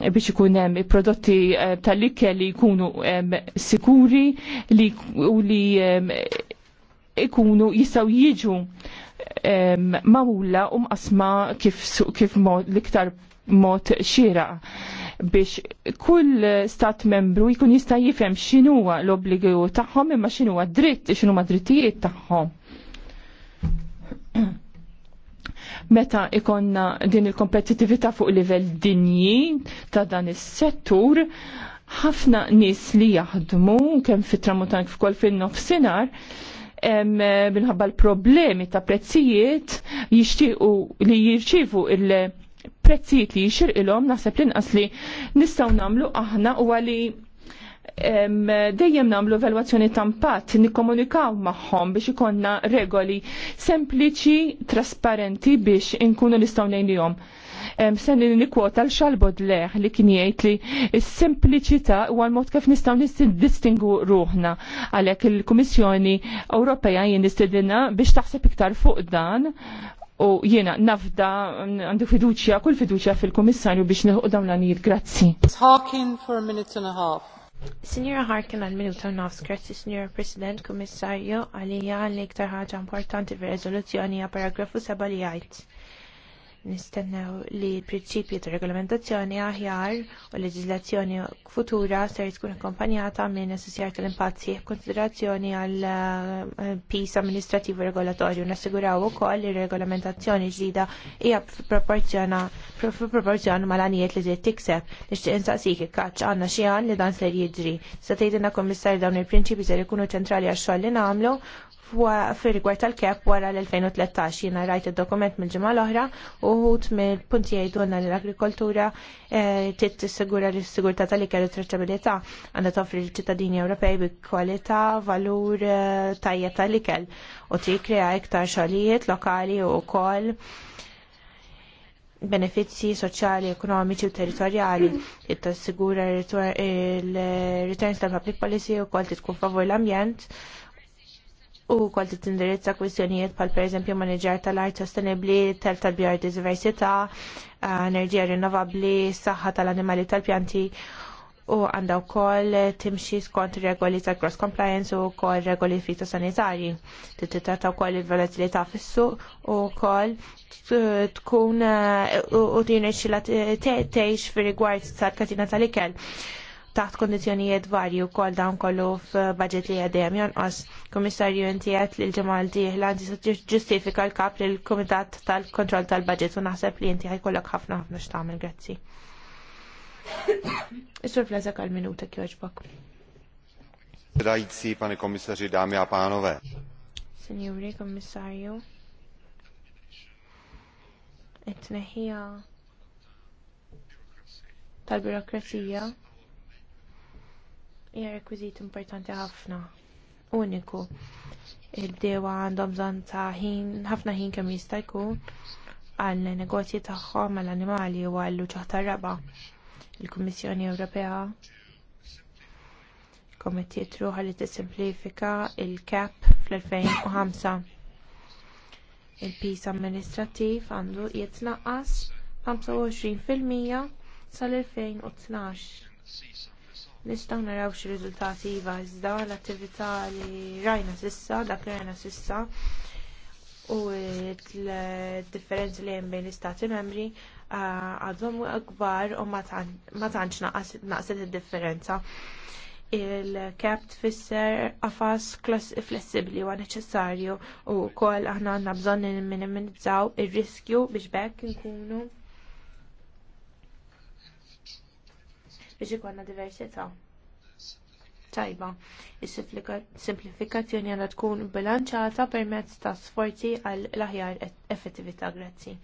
biex ikun hemm prodotti eh, tal-ikel li jkunu eh, sikuri li u li eh, ikunu jistgħu jiġu mamulla u mqasma kif, kif mod l-iktar mod xira biex kull stat membru jkun jista' jifhem x'inhuwa l-obbligu tagħhom imma x'inhuwa dritt x'inhuma drittijiet tagħhom Meta ikonna din il-kompetitività fuq livell dinji ta' dan is-settur, ħafna nis li jaħdmu kemm fit-tramutan kif fin-nofsinhar minħabba l-problemi ta' prezzijiet jixtiequ li jirċievu il- prezzijiet li jixirqilhom naħseb l-inqas li nistgħu nagħmlu aħna u għali dejjem namlu evalwazzjoni tampat, nikkomunikaw magħhom biex ikonna regoli sempliċi, trasparenti biex inkunu nistgħu ngħinihom. Senni nikwota l-xalbod leħ li kien jgħid li s-sempliċità huwa l-mod kif nistgħu distingu ruħna għalhekk il-Kummissjoni Ewropea jien nistedina biex taħseb iktar fuq dan u jiena nafda għandu fiduċja, kull fiduċja fil-Kummissarju biex nilħu dawn l-għanijiet. Grazzi. Talking for a minute and a half. Signora Harkin għal minuta nofs, grazzi Signora President, Kummissarju, għalija l-iktar ħaġa importanti fir rezoluzzjoni għal paragrafu 7 li għajt nistennew li l-prinċipji ta' regolamentazzjoni aħjar u leġiżlazzjoni futura ser tkun akkompanjata minn assessjar tal-impazzi e konsiderazzjoni għal eh, pis amministrativu regolatorju. Nassiguraw ukoll li regolamentazzjoni ġdida hija proporzjona mal-għanijiet li trid tikseb nixtieq insaqsik ikkaċċ għandna xi għan li dan ser jiġri. Se tgħidilna kummissar dawn il-prinċipji ser ikunu ċentrali għax-xogħol li nagħmlu fir-rigward tal-kep wara l-2013 jiena rajt id-dokument mill-ġimgħa l-oħra u wħud mill-punti jgħidulna li l-agrikoltura eh, trid tissigura l sigurta tal-ikel u traċċabilità għandha toffri l-ċittadini Ewropej bi kwalità, valur eh, tajja tal-ikel u tikkrea iktar xogħlijiet lokali u wkoll benefizzji soċjali, ekonomiċi u territorjali. Tassigura il-returns tal-public policy u kol tkun favor l-ambjent u kol tindirizza kwistjonijiet pal per eżempju manager tal-art sostenibli, tal tal-biodiversità, enerġija rinnovabli, saħħa tal-animali tal-pjanti u għanda u kol timxi skont regoli ta' cross compliance u kol regoli fitosanitarji. Tittata u kol il-volatilità fissu u kol tkun u tjina xila teħx fi rigward tal-katina tal-ikel taħt kondizjonijiet varji u kol dawn kollu f'budget li għadem jonqos. Komissarju inti għet li l-ġemal diħla għanti ġustifika l-kap li l-Komitat tal-Kontroll tal-Budget u naħseb li inti ħajkollok ħafna ħafna xtaħmel grazzi. Isur flazak għal-minuta kjoġbok. Rajtsi, pani komissarju, dami għapanove. Senjuri, komissarju. Etneħija tal-birokrazija hija rekwiżit importanti ħafna, uniku. il dewa għandhom bżonn ta' ħin, ħafna ħin kemm jista' jkun għal negozji tagħhom mal animali u għall tar raba. Il-Kummissjoni Ewropea kommettiet ruħa li tissimplifika l cap fl-2005. Il-pis amministrattiv għandu jitnaqqas 25% sal-2012 Nistgħu naraw xi riżultati iva iżda l-attività li rajna sissa, dak li rajna sissa u l-differenzi li hemm bejn l-istati membri għadhom kbar u ma tantx naqset id-differenza. Il-kap tfisser qafas flessibbli u neċessarju u wkoll aħna għandna bżonn minimizzaw ir-riskju biex bekk inkunu biex ikonna diversità. Tajba, is-simplifikazzjoni għandha tkun bilanċata permezz ta' sforzi għal laħjar aħjar e- effettività grazzi.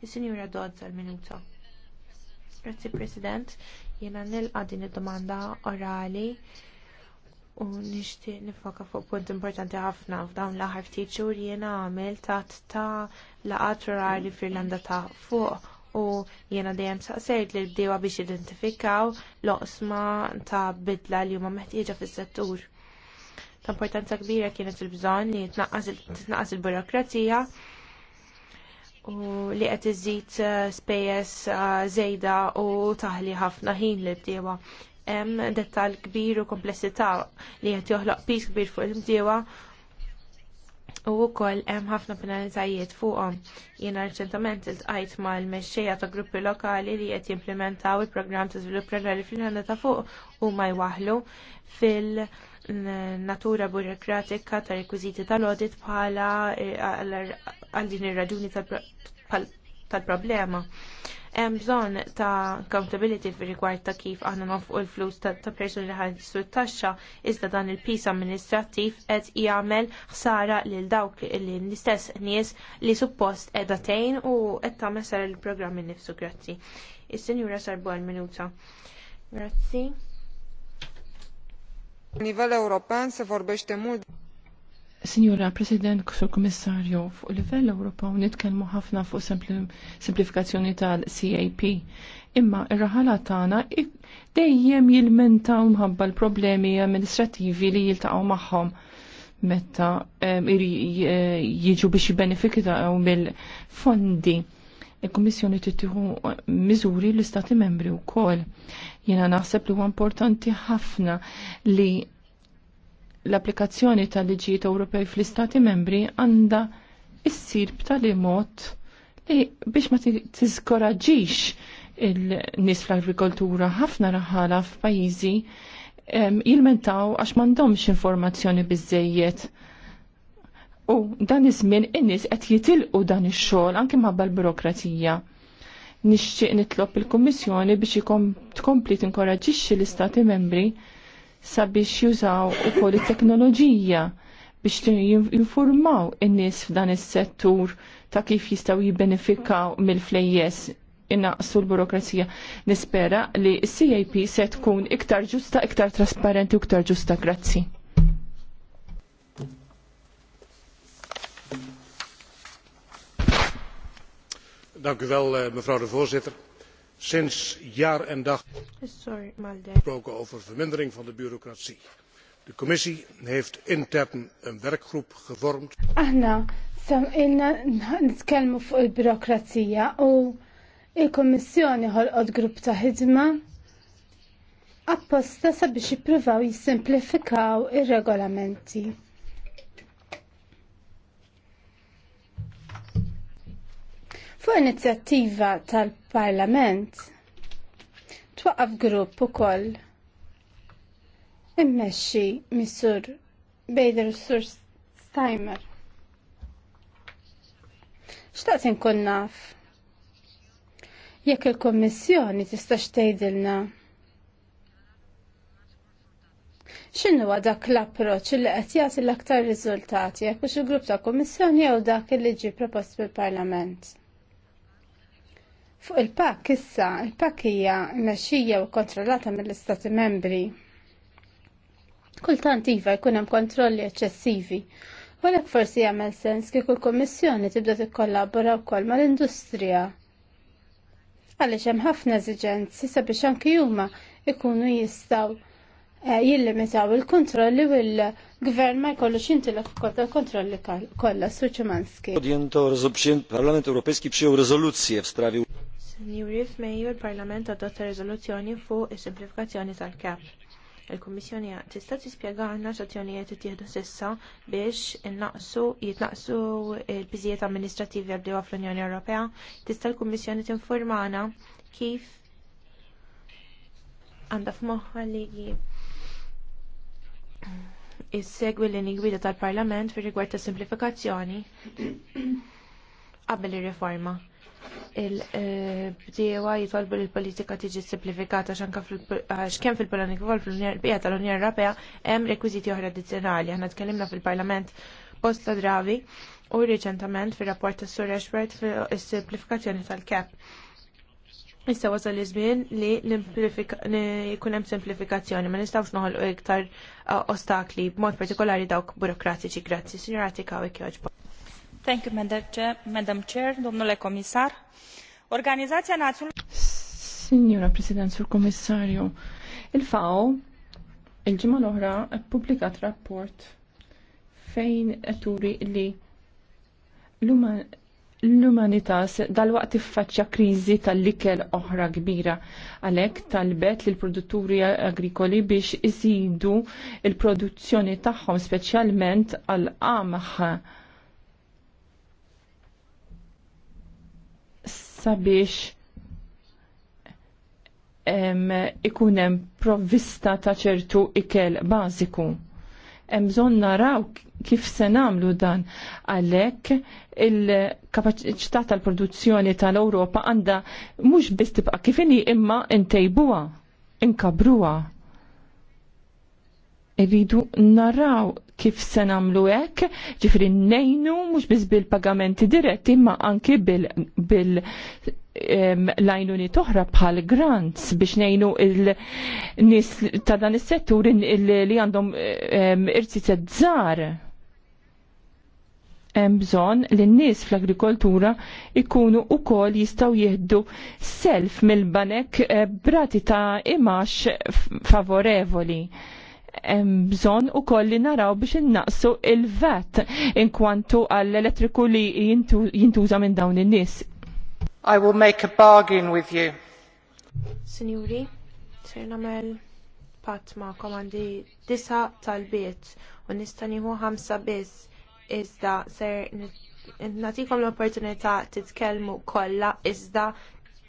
il sinjura Dodd għal-minuta. Grazzi President, jena nilqa din id-domanda orali u nixtieq nifoka fuq punt importanti ħafna f'dawn l-aħħar ftit xur jiena għamil tat ta' laqat orali fl landa ta' fuq u jiena dejjem saqsejt li bdewa biex identifikaw loqsma ta' bidla li huma meħtieġa fis-settur. Ta' importanza kbira kienet il-bżonn li tnaqqas il-burokrazija u li qed iżid eh, spejjeż eh, żejda u taħli ħafna ħin li bdewa. Hemm dettall kbir u komplessità li qed joħloq pis kbir fuq il-bdewa u wkoll hemm ħafna penalizzajiet fuqhom. Jiena reċentament iltqajt mal-mexxejja ta' gruppi lokali li qed jimplementaw il-programm ta' żvilupp rurali fil-ħanda ta' fuq huma jwaħħlu fil-natura burokratika ta' rekwiżiti tal-audit bħala eh, għal din ir-raġuni tal-problema. Hemm bżonn ta' accountability fir rigward ta' kif aħna nofqu l-flus ta' persuni li ħallsu t-taxxa iżda dan il-pis amministrattiv qed jagħmel ħsara lil dawk l-istess nies li suppost qiegħda tgħin u qed tagħmel sar il-programm innifsu grazzi. Is-Sinjura sarbu għal minuta. Grazzi. se mult Signora President, Sur Komissarju, fuq livell Ewropew nitkellmu ħafna fuq simplifikazzjoni tal-CAP. Imma ir-raħala tagħna dejjem jilmentaw mħabba l-problemi amministrativi li jiltaqgħu magħhom meta ehm, eh, jiġu biex jibbenefikaw mill-fondi. Il-Kummissjoni tittieħu eh, miżuri l-Istati Membri wkoll. Jiena naħseb li huwa importanti ħafna li l-applikazzjoni tal-liġijiet Ewropej fl-Istati membri għandha issir b'tali mod li biex ma tiskoraġġix il-nies fl-agrikoltura ħafna raħala f'pajjiżi jilmentaw għax m'għandhomx informazzjoni biżejjed. U dan iż-żmien in-nies qed jitilqu dan ix-xogħol anke mabal l Nixtieq nitlob il-Kummissjoni biex tkompli tinkoraġġixxi l-Istati membri sabiex jużaw ukoll it-teknoloġija biex jinformaw in-nies f'dan is-settur ta' kif jistgħu jibbenefikaw mill-flejjes innaqsu l-burokrazija. Nispera li CAP se tkun iktar ġusta, iktar trasparenti u iktar ġusta. Grazzi. Dank u wel, eh, mevrouw de voorzitter sinds jaar en dag gesproken over vermindering van de bureaucratie. De commissie heeft intern een werkgroep gevormd. Aħna sam nitkellmu fuq il-birokrazija u il-Kommissjoni ħolqot grupp ta' ħidma apposta sabiex jippruvaw jissimplifikaw ir-regolamenti. Fu inizjattiva tal-Parlament twaqqaf grupp ukoll immexxi missur Bader Sur Steimer. Xtaqt inkun naf jekk il-Kommissjoni tista' xtejdilna x'inhu dak l-approċċ li qed jagħti l-aktar riżultati jekk hux il-grupp ta' kummissjoni jew dak li ġie propost fil parlament Fuq il-pak issa, il-pak hija mexxija u kontrollata mill-Istati membri. Kultant iva jkun hemm kontrolli eċċessivi. u Walek forsi jagħmel sens kieku l-Kummissjoni tibda tikkollabora wkoll mal-industrija għaliex hemm ħafna eżiġenzi sabiex anki huma jkunu jistgħu eh, jillimitaw il-kontrolli u l-gvern ma jkollux jintilef kont il-kontrolli kollha Suċimanski. Parlamentu Europejski przyjął rezolucję w sprawie Sinjuri, f'Mejju l-Parlament adotta riżoluzzjoni fuq is-simplifikazzjoni tal-kap. Il-Kummissjoni tista' tispjega tispjegana x'azzjonijiet ittieħdu s'issa biex innaqsu jitnaqsu l-biżijiet amministrativi għabdewa fl-Unjoni Ewropea. Tista' l-Kummissjoni tinformana kif għandha f'moħħa li issegwi l-linji gwida tal-Parlament fir rigward ta' simplifikazzjoni qabel ir-riforma il diy jitolbu li l-politika tiġi simplifikata għax kemm fil-Parlament kif fil-Unjoni tal-Unjoni Ewropea hemm rekwiżiti oħra addizzjonali. Aħna tkellimna fil-Parlament posta dravi u reċentament fir-rapport tas Sur Ashford fil-simplifikazzjoni tal-CAP. Issa wasal iż-żmien li jkun hemm simplifikazzjoni ma nistgħux noħolqu iktar eh, ostakli b'mod partikolari dawk burokratiċi. Grazzi, Signor Atika, jogħġbok. Thank you, Madam Chair, Signora President, Sur Commissario, il-FAO il-ġimgħa l-oħra ppubblikat rapport fejn e turi li l-umanità dal-waqt tiffaċċja kriżi tal-ikel oħra kbira għalhekk talbet lill produtturi agrikoli biex iżidu il-produzzjoni tagħhom speċjalment għal qamħ sabiex ikun hemm provvista ta' ċertu ikel bażiku. Hemm bżonn naraw kif se nagħmlu dan għalhekk il-kapaċità tal-produzzjoni tal-Ewropa għandha mhux biss tibqa' kif inhi imma ntejbuha, inkabruha Iridu naraw kif se nagħmlu hekk, ġifri nejnu mhux biss bil-pagamenti diretti ma anki bil, bil lajnuni toħra bħal grants biex nejnu il-nis ta' dan is-settur li għandhom irsi żgħar. Hemm bżonn li n-nies fl-agrikoltura ikunu wkoll jistgħu jieħdu self mill-banek eh, brati ta' imax favorevoli bżon u li naraw biex innaqsu il-vat inkwantu għall-elettriku li jintuża minn dawn in-nies. I will make a bargain with you. Signori, ser namel pat ma komandi disa tal-biet u nistaniħu ħamsa biss iżda sir natikom l-opportunità titkellmu kollha iżda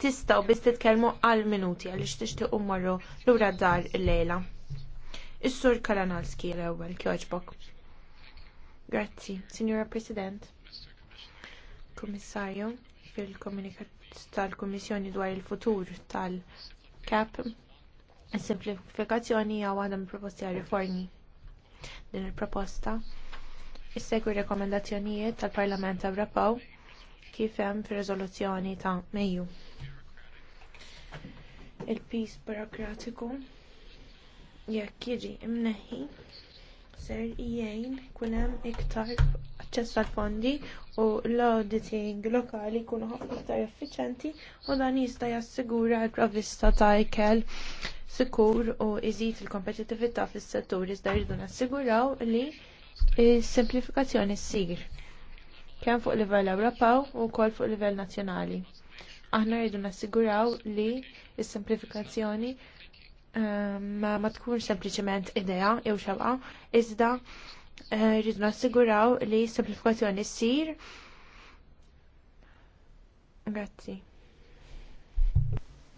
tistaw biz titkelmu għal minuti għaliex tixtiequ umarru lura d-dar il-lejla. Is-Sur Kalanowski l-ewwel kjoġbok. Grazzi, Signora President. Kummissarju, fil-komunikat tal-Kummissjoni dwar il-futur tal-CAP, is-simplifikazzjoni hija waħda mill-proposti għal riformi. Din il-proposta issegwi rekomendazzjonijiet tal-Parlament Ewropew kif hemm fir-riżoluzzjoni ta' Mejju. Il-pis burokratiku jekk jiġi imneħħi ser jgħin jkun hemm iktar aċċess għall fondi u l-auditing lokali jkunu ħafna iktar effiċenti u dan jista' jassigura l-provvista ta' ikel sikur u jżid il-kompetittività fis-settur iżda jridu nassiguraw li s-simplifikazzjoni ssir kemm fuq livell Ewropew u wkoll fuq livell nazzjonali. Aħna rridu nassiguraw li s-simplifikazzjoni Ehm, ma ma tkun sempliciment idea jew xewqa, iżda eh, rridu nassiguraw li s-simplifikazzjoni semplifikazzjoni ssir. Grazzi.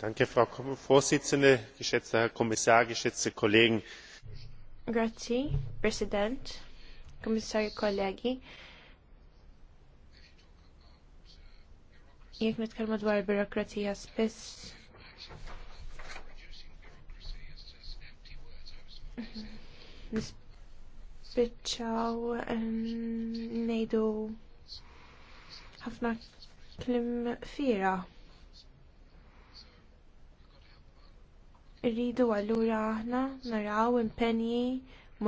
Danke, Frau Vorsitzende, geschätzter Herr Kommissar, geschätzte Kollegen. Grazie, Präsident, Kommissar, kollegi. Jek nitkellmu dwar il-birokratija spiss nispiċċaw ehm, ngħidu ħafna klim fira. Irridu allura aħna naraw impenji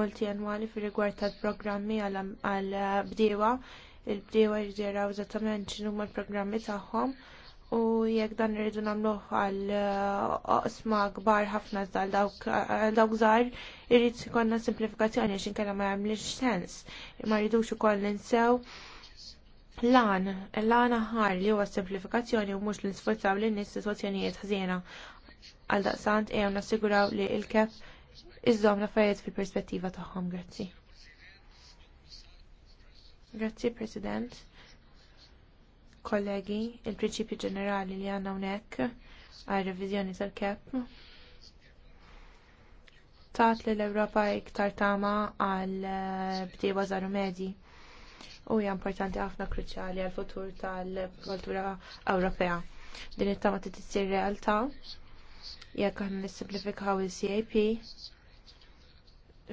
multianwali fi rigward tal-programmi għal bdiewa Il-bdiewa jiraw eżattament ċinu l-programmi tagħhom u jekk dan rridu nagħmluh għal uh, osma kbar ħafna għal dawk żgħar, irrid ikollna simplifikazzjoni xin kena ma jagħmlix sens. Ma rridux ukoll ninsew lan, lan aħar li huwa simplifikazzjoni u mhux li nisforzaw lin nies sitwazzjonijiet ħżiena għal daqsant ejjew nassiguraw li l kef iżżomm l-affarijiet fil-perspettiva tagħhom. Grazzi. Grazzi, President. Kollegi, il-prinċipju ġenerali li għandna hawnhekk għal reviżjoni tal-kep tat li l-Ewropa iktar tama għal eh, bdiewa żaru medji u hija importanti ħafna kruċjali għal futur tal-kultura Ewropea. Din it-tama titsir realtà jekk aħna nissimplifikaw il-CAP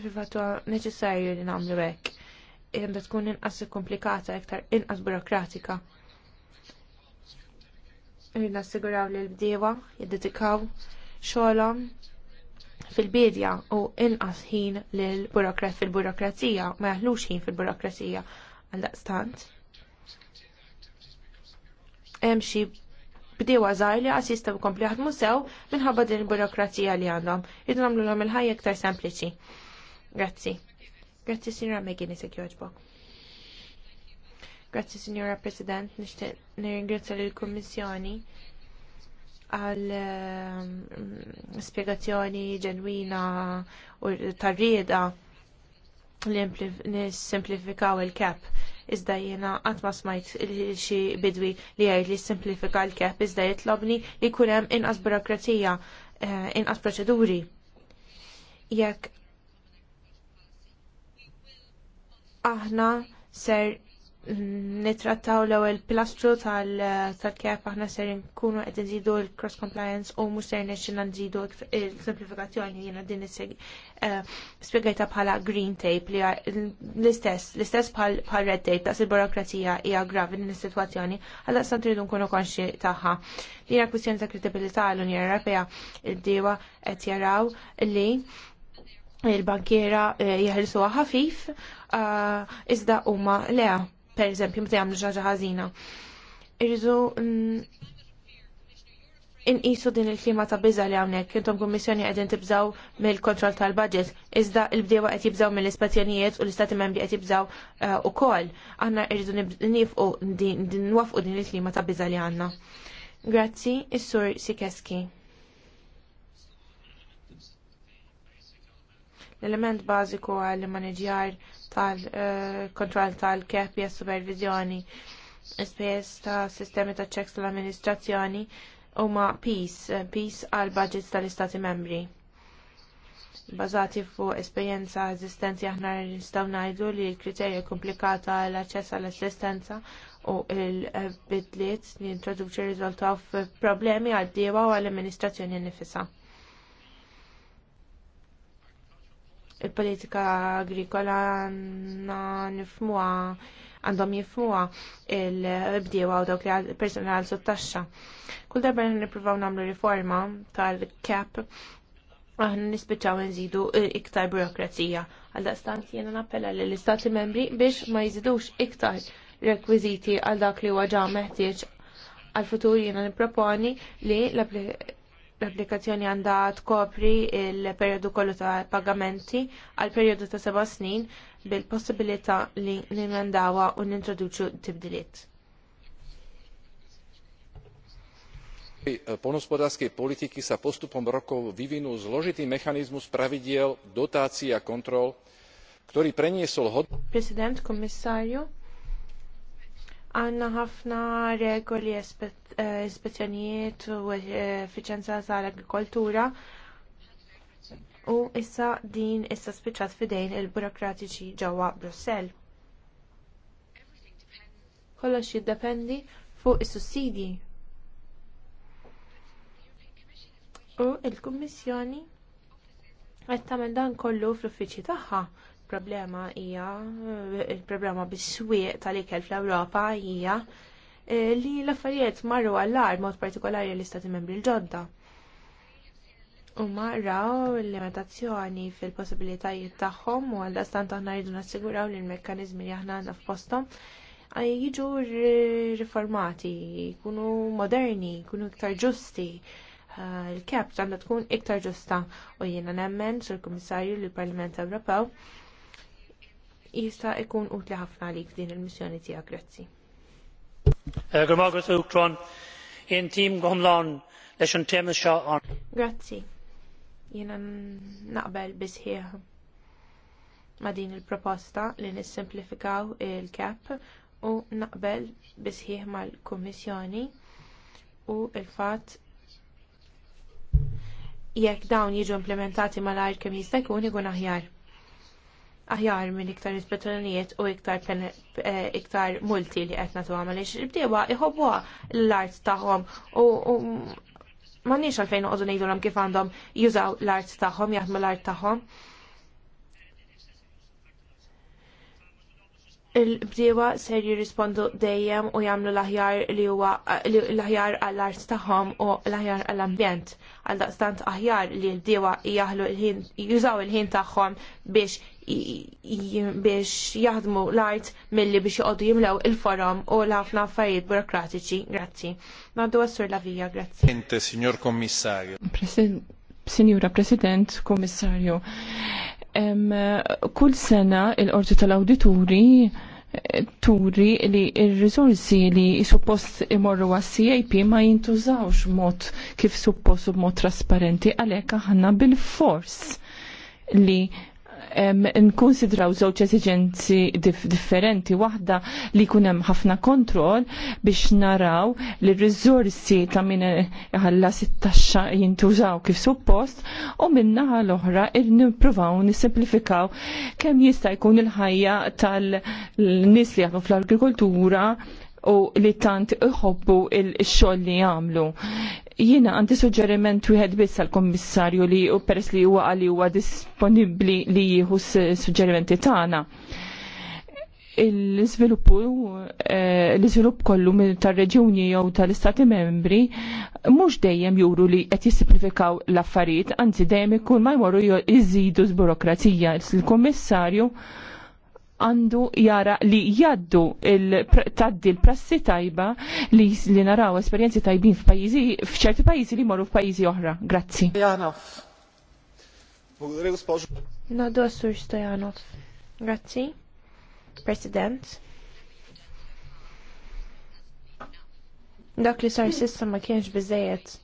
fil-fattu neċessarju li nagħmlu hekk. Għandha tkun inqas komplikata iktar inqas burokratika. Irna siguraw li l-bdiewa jiddedikaw xolom fil-bidja u inqas ħin lill-burokrat fil-burokrazija, ma jaħlux ħin fil-burokrazija għal Hemm xi bdewa zaħi li għas jistaw jkompli jaħdmu sew minħabba din il-burokrazija li għandhom. Idu l għom il-ħajja ktar sempliċi. Grazzi. Grazzi, Sinra Megini, se kjoġbok. Grazzi, Signora President, nishtiq nirringrazzja lill kummissjoni għal ehm, spiegazzjoni ġenwina u tarrida li simplifikaw il-kap iżda jiena qatt ma smajt xi bidwi li jgħid li simplifika l-kep iżda jitlobni li jkun hemm inqas burokrazija, eh, inqas proċeduri. Jekk aħna ser nitrattaw l-ewwel pilastru tal-kif aħna ser nkunu qed nżidu l-cross compliance u mhux ser nexxinna nżidu l-simplifikazzjoni jiena din eh, spjegajta bħala green tape li l-istess l-istess bħal red tape daqs il-burokrazija hija gravi din is-sitwazzjoni għal sa tridu nkunu konxi tagħha. Jiena hija kwistjoni ta' kredibilità għall-Unjoni Ewropea id-diewa qed jaraw li il-bankiera eh, jeħilsuha ħafif eh, iżda huma leha per eżempju, meta jagħmlu xi ħażina. Irridu inqisu din il-klima ta' biża li hawnhekk intom kummissjoni qegħdin tibżaw mill-kontroll tal-budget, iżda l-bdewa qed jibżaw mill-ispazzjonijiet u l-istati membri qed jibżaw eh, ukoll. Aħna rridu nifqu din din il-klima ta' biża li għandna. Grazzi, is-sur Sikeski. L-element bażiku għal maniġjar tal-kontroll eh, tal-kep hija supervizjoni. Ispejjeż ta' sistemi ta' ċeks tal-amministrazzjoni huma peace, eh, PIS għal budgets tal-istati membri. Bażati fuq esperjenza eżistenti aħna nistgħu ngħidu li l-kriterja komplikata għall aċċess għall assistenza u l-bidliet li introduċi riżultaw f'problemi għal diewa u għall-amministrazzjoni nifisha. il-politika agrikola nifmuha għandhom jifmuha il-bdiewa u dawk li persona għal sottaxxa. Kull darba nippruvaw nagħmlu riforma tal-CAP aħna nispiċċaw nżidu iktar burokrazija. Għal daqstant jiena nappella lill istati membri biex ma jżidux iktar rekwiżiti għal dak li huwa ġa meħtieġ għal futur jiena nipproponi li l l-applikazzjoni għandha tkopri il-perjodu kollu ta' pagamenti għal perjodu ta' seba' snin bil-possibilità li nimendawa u nintroduċu tibdiliet. poľnohospodárskej politiky sa postupom rokov vyvinul zložitý mechanizmus pravidiel dotácií a kontrol ktorý preniesol hodnotu Għanna ħafna regoli eh, ispezzjonijiet u efficienza tal-agrikoltura u issa din issa spiċċat fidejn il-burokratiċi ġewwa Brussell. Kollox jiddependi fuq is-sussidji. U l kummissjoni qed tagħmel dan kollu fl-uffiċċji tagħha problema hija il-problema bis-swieq tal-ikel fl-Ewropa hija eh, li l-affarijiet marru għall-ar mod partikolari l-istati membri l-ġodda. U marraw l-limitazzjoni fil-possibilitajiet tagħhom u għal dastant aħna rridu nassiguraw li l mekkaniżmi li aħna għandna f'postom jiġu riformati, jkunu moderni, jkunu iktar ġusti eh, il-kep għandha tkun iktar ġusta u jiena nemmen sur kummissarju l parlament Ewropew jista' jkun utli ħafna għalik din il-missjoni tiegħek. Grazzi. Eh, Grazzi. Jiena naqbel bisħieħ ma' din il-proposta li nissimplifikaw il-kap u naqbel bisħieħ mal-Kummissjoni u l-fatt jekk dawn jiġu implementati malajr kemm jista' jkun ikun aħjar aħjar minn iktar ispezzjonijiet u iktar, eh, iktar multi li qed nagħtuha għaliex il-bdiewa iħobbuha l-art tagħhom u m'għandniex għalfejn noqogħdu ngħidulhom kif għandhom jużaw l-art tagħhom, jaħdmu l-art tagħhom. il-bdiewa ser jirrispondu dejjem u jagħmlu l-aħjar li huwa l-aħjar għall-art tagħhom u l-aħjar għall-ambjent. Għaldaqstant aħjar li l bdewa jaħlu il-ħin jużaw il-ħin tagħhom biex biex jaħdmu l-art milli biex jgħoddu jimlew il-forum u l-ħafna affarijiet burokratiċi. Grazzi. Naddu għassur la vija, grazzi. Inti, signor Kommissarju. Signora President, Kommissarju, kull sena il orġi tal-Awdituri eh, turi li il-rizorsi li suppost imorru għas-CAP ma jintużawx mod kif suppost u mod trasparenti għalek aħna bil-fors li nkunsidraw żewġ esiġenzi differenti waħda li jkun hemm ħafna kontroll biex naraw li r ta' min għalla sittaxxa jintużaw kif suppost u minnaħa l-oħra nippruvaw nisimplifikaw kemm jista' jkun il-ħajja tal-nies li fl-agrikoltura u li tant iħobbu il-xogħol li jagħmlu. Jiena għandi suġġeriment wieħed biss għall-Kommissarju li u peress li huwa għali huwa disponibbli li jieħu suġġerimenti tagħna. L-iżviluppu eh, l-iżvilupp kollu tar reġuni jew tal-istati membri mhux dejjem juru li qed jissimplifikaw l-affarijiet, anzi dejjem ikun ma jmorru jżidu z-burokrazija. Il-Kummissarju il kummissarju għandu jara li jaddu taddi l-prassi tajba li, li naraw esperjenzi tajbin f'pajizi, f'ċerti pajizi li morru f'pajizi oħra. Grazzi. Janov. Nadu għassur Stojanov. Grazzi. President. Dak li sar sissa ma kienx bizzejet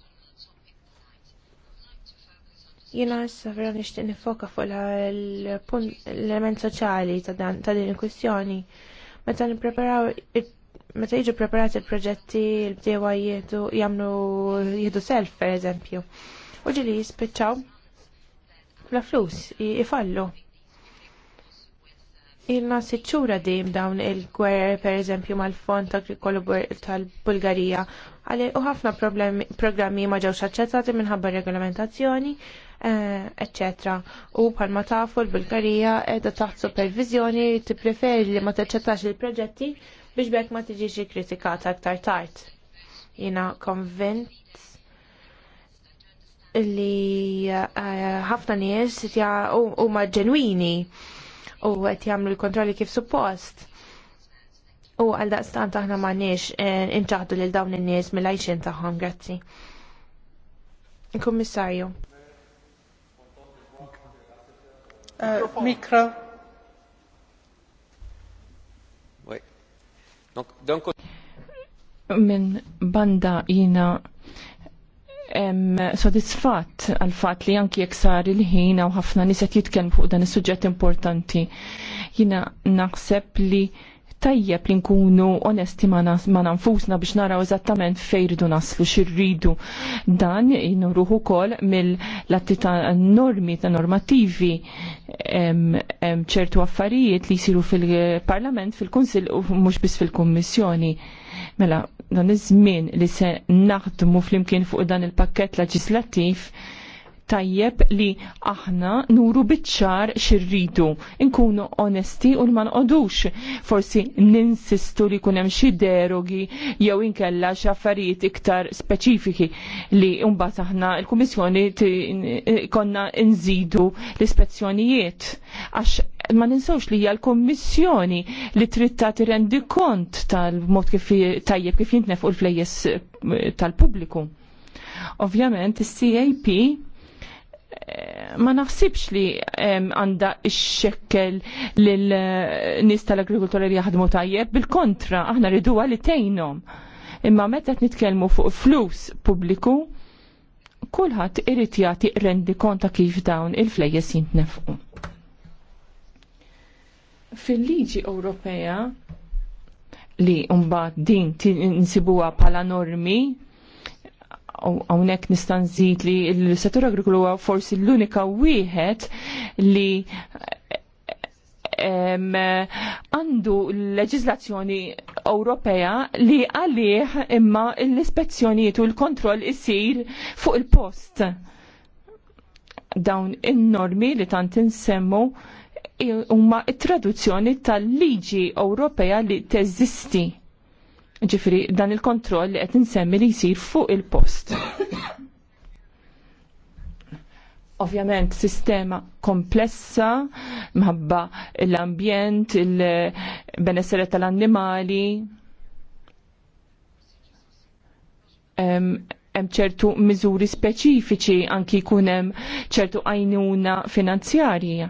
Jena issa safra nixtieq nifoka fuq l-element soċali ta' din il-kwistjoni. Meta nippreparaw meta jiġu preparati l-proġetti l-bdewa jieħdu jagħmlu jieħdu self pereżempju. Uġi li jispiċċaw la flus jifallu. ifallu. s siċċura dim dawn il-gwerer pereżempju mal-fond agrikolu tal-Bulgarija għalli u ħafna programmi ma ġewx aċċettati minħabba regolamentazzjoni Eh, eccetera. U ma tafu l-Bulgarija edha taħt supervizjoni tippreferi li ma taċċettax il-proġetti biex bekk ma tiġiġi kritikata aktar tard. Jina konvent li eh, ħafna nies huma ġenwini u qed jagħmlu l-kontrolli kif suppost. U għal daqstan taħna ma nix eh, inċaħdu lil dawn in-nies mill-għajxin tagħhom, grazzi. Kummissarju. Uh, Min banda jina sodisfatt għal fatt li anki jekk sar il-ħin u ħafna niset jitken fuq dan is-suġġett importanti. Jina naħseb li tajjeb li nkunu onesti ma nanfusna biex naraw eżattament fejridu naslu xirridu dan jinnuruħu kol mill-latti normi ta' normativi ċertu affarijiet li jisiru fil-parlament, fil-kunsil u mux bis fil-kommissjoni. Mela, dan iż-żmien li se naħdmu flimkien fuq dan il-pakket leġislattiv tajjeb li aħna nuru bitċar xirridu, nkunu onesti u ma nqodux. Forsi ninsistu li kunem xi derogi jew inkella xi affarijiet iktar speċifiki li mbagħad aħna l-Kummissjoni konna nżidu l-ispezzjonijiet għax ma ninsawx li hija l kummissjoni li trid tagħti rendi kont tal-mod kif tajjeb kif u l-flejjes eh, tal-pubbliku. Ovvjament, is-CAP ma naħsibx li għanda xekkel l-nis eh, tal-agrikultura li jaħdmu tajjeb, bil-kontra, aħna ridu li tejnom. Imma meta nitkellmu fuq flus pubbliku, kulħadd irid jagħti rendi konta kif dawn il-flejjes jintnefqu. Fil-liġi Ewropea li mbagħad din tinsibuha bħala normi hawnhekk nista' nżid li l-settur agrikolu huwa forsi l-unika wieħed li għandu l-leġizlazzjoni Ewropea li għalih imma l-ispezzjonijiet u l-kontroll isir fuq il-post. Dawn in-normi li tant insemmu huma t traduzzjoni tal-liġi Ewropea li teżisti Ġifri, dan il-kontroll li qed insemmi li jsir fuq il-post. Ovvjament sistema komplessa mħabba l-ambjent, il-benessere tal-annimali, hemm ċertu miżuri speċifiċi anki jkun hemm ċertu għajnuna finanzjarja.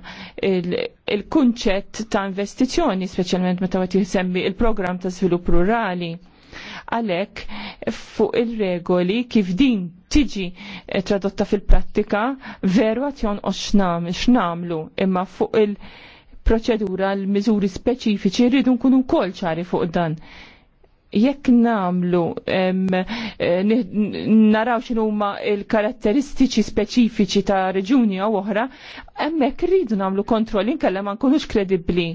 Il-kunċett il ta' investizzjoni, speċjalment meta qed jisemmi il-programm ta' svilupp rurali. Għalhekk fuq ir-regoli kif din tiġi eh, tradotta fil-prattika veru azzjon o x'namlu imma fuq il- proċedura l-miżuri speċifiċi rridu nkunu kol ċari fuq dan jekk namlu eh, naraw xinu huma il-karatteristiċi speċifiċi ta' reġuni u oħra, emmek rridu namlu kontroll inkella ma nkunux kredibbli.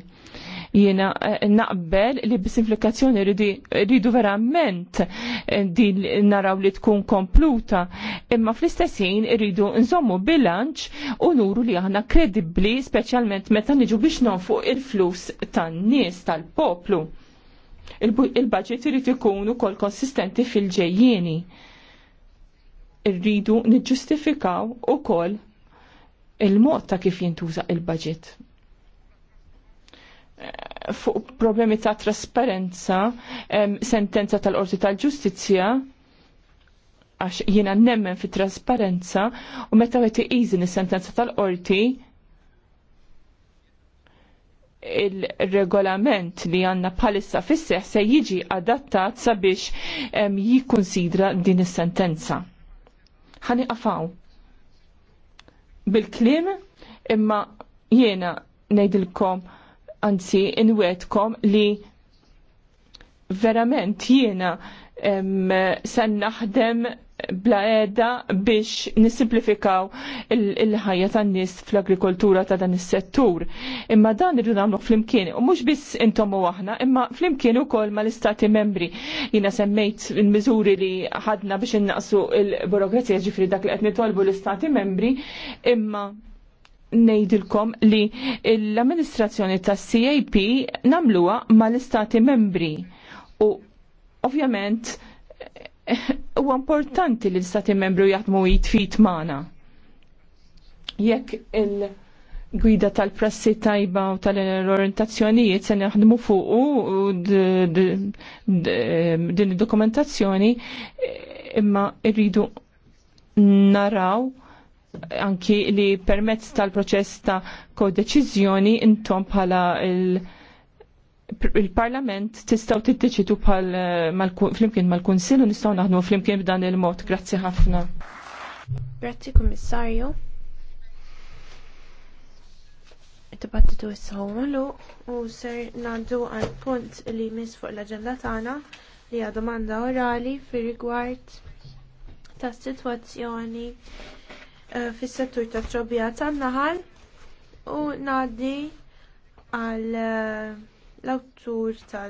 Jiena eh, naqbel li bis-implikazzjoni rridu verament eh, din naraw li tkun kompluta, imma fl-istess ħin rridu nżommu bilanċ u nuru li aħna kredibbli speċjalment meta niġu biex nonfuq il-flus tan-nies tal-poplu il-budget irid ikun ukoll konsistenti fil-ġejjieni. Irridu niġġustifikaw ukoll il-mod ta' kif jintuża il-budget. Eh, fuq problemi ta' trasparenza, sentenza tal-Qorti tal-Ġustizzja għax jiena nemmen fit trasparenza u meta qed iżin is-sentenza tal-qorti il-regolament li għanna bħalissa fisseħ se jiġi adattat sabiex jikonsidra din is-sentenza. Ħani qafaw. Bil-klim imma jiena ngħidilkom anzi inwetkom li verament jiena se naħdem bla edha biex nisimplifikaw il-ħajja il tan-nies fl-agrikoltura ta' dan is-settur. Imma dan irridu nagħmlu flimkien u mhux biss intom u aħna, imma flimkien ukoll mal-istati membri. Jiena semmejt il-miżuri li ħadna biex innaqsu il-burokrazija ġifri dak li qed nitolbu l-istati membri, imma nejdilkom li l-amministrazzjoni tas CAP namluwa mal-istati membri. U ovvjament huwa importanti li l-istati membru jaħdmu jitfit magħna. Jekk il-gwida tal-prassi tajba u tal-orientazzjonijiet se naħdmu fuq u din id-dokumentazzjoni imma rridu naraw anki li permezz tal-proċess ta' kodeċiżjoni intom bħala il- il-Parlament tistaw tiddeċidu bħal eh, flimkien mal-Kunsill u nistgħu naħdmu flimkien b'dan il-mod. Grazzi ħafna. Grazzi Kummissarju. Id-dibattitu issa u ser ngħaddu għal punt li jmiss fuq l-aġenda tagħna li hija domanda orali fir-rigward tas-sitwazzjoni eh, fis-settur tat-trobbija tan-naħal u ngħaddi għal eh, l-awtur tal-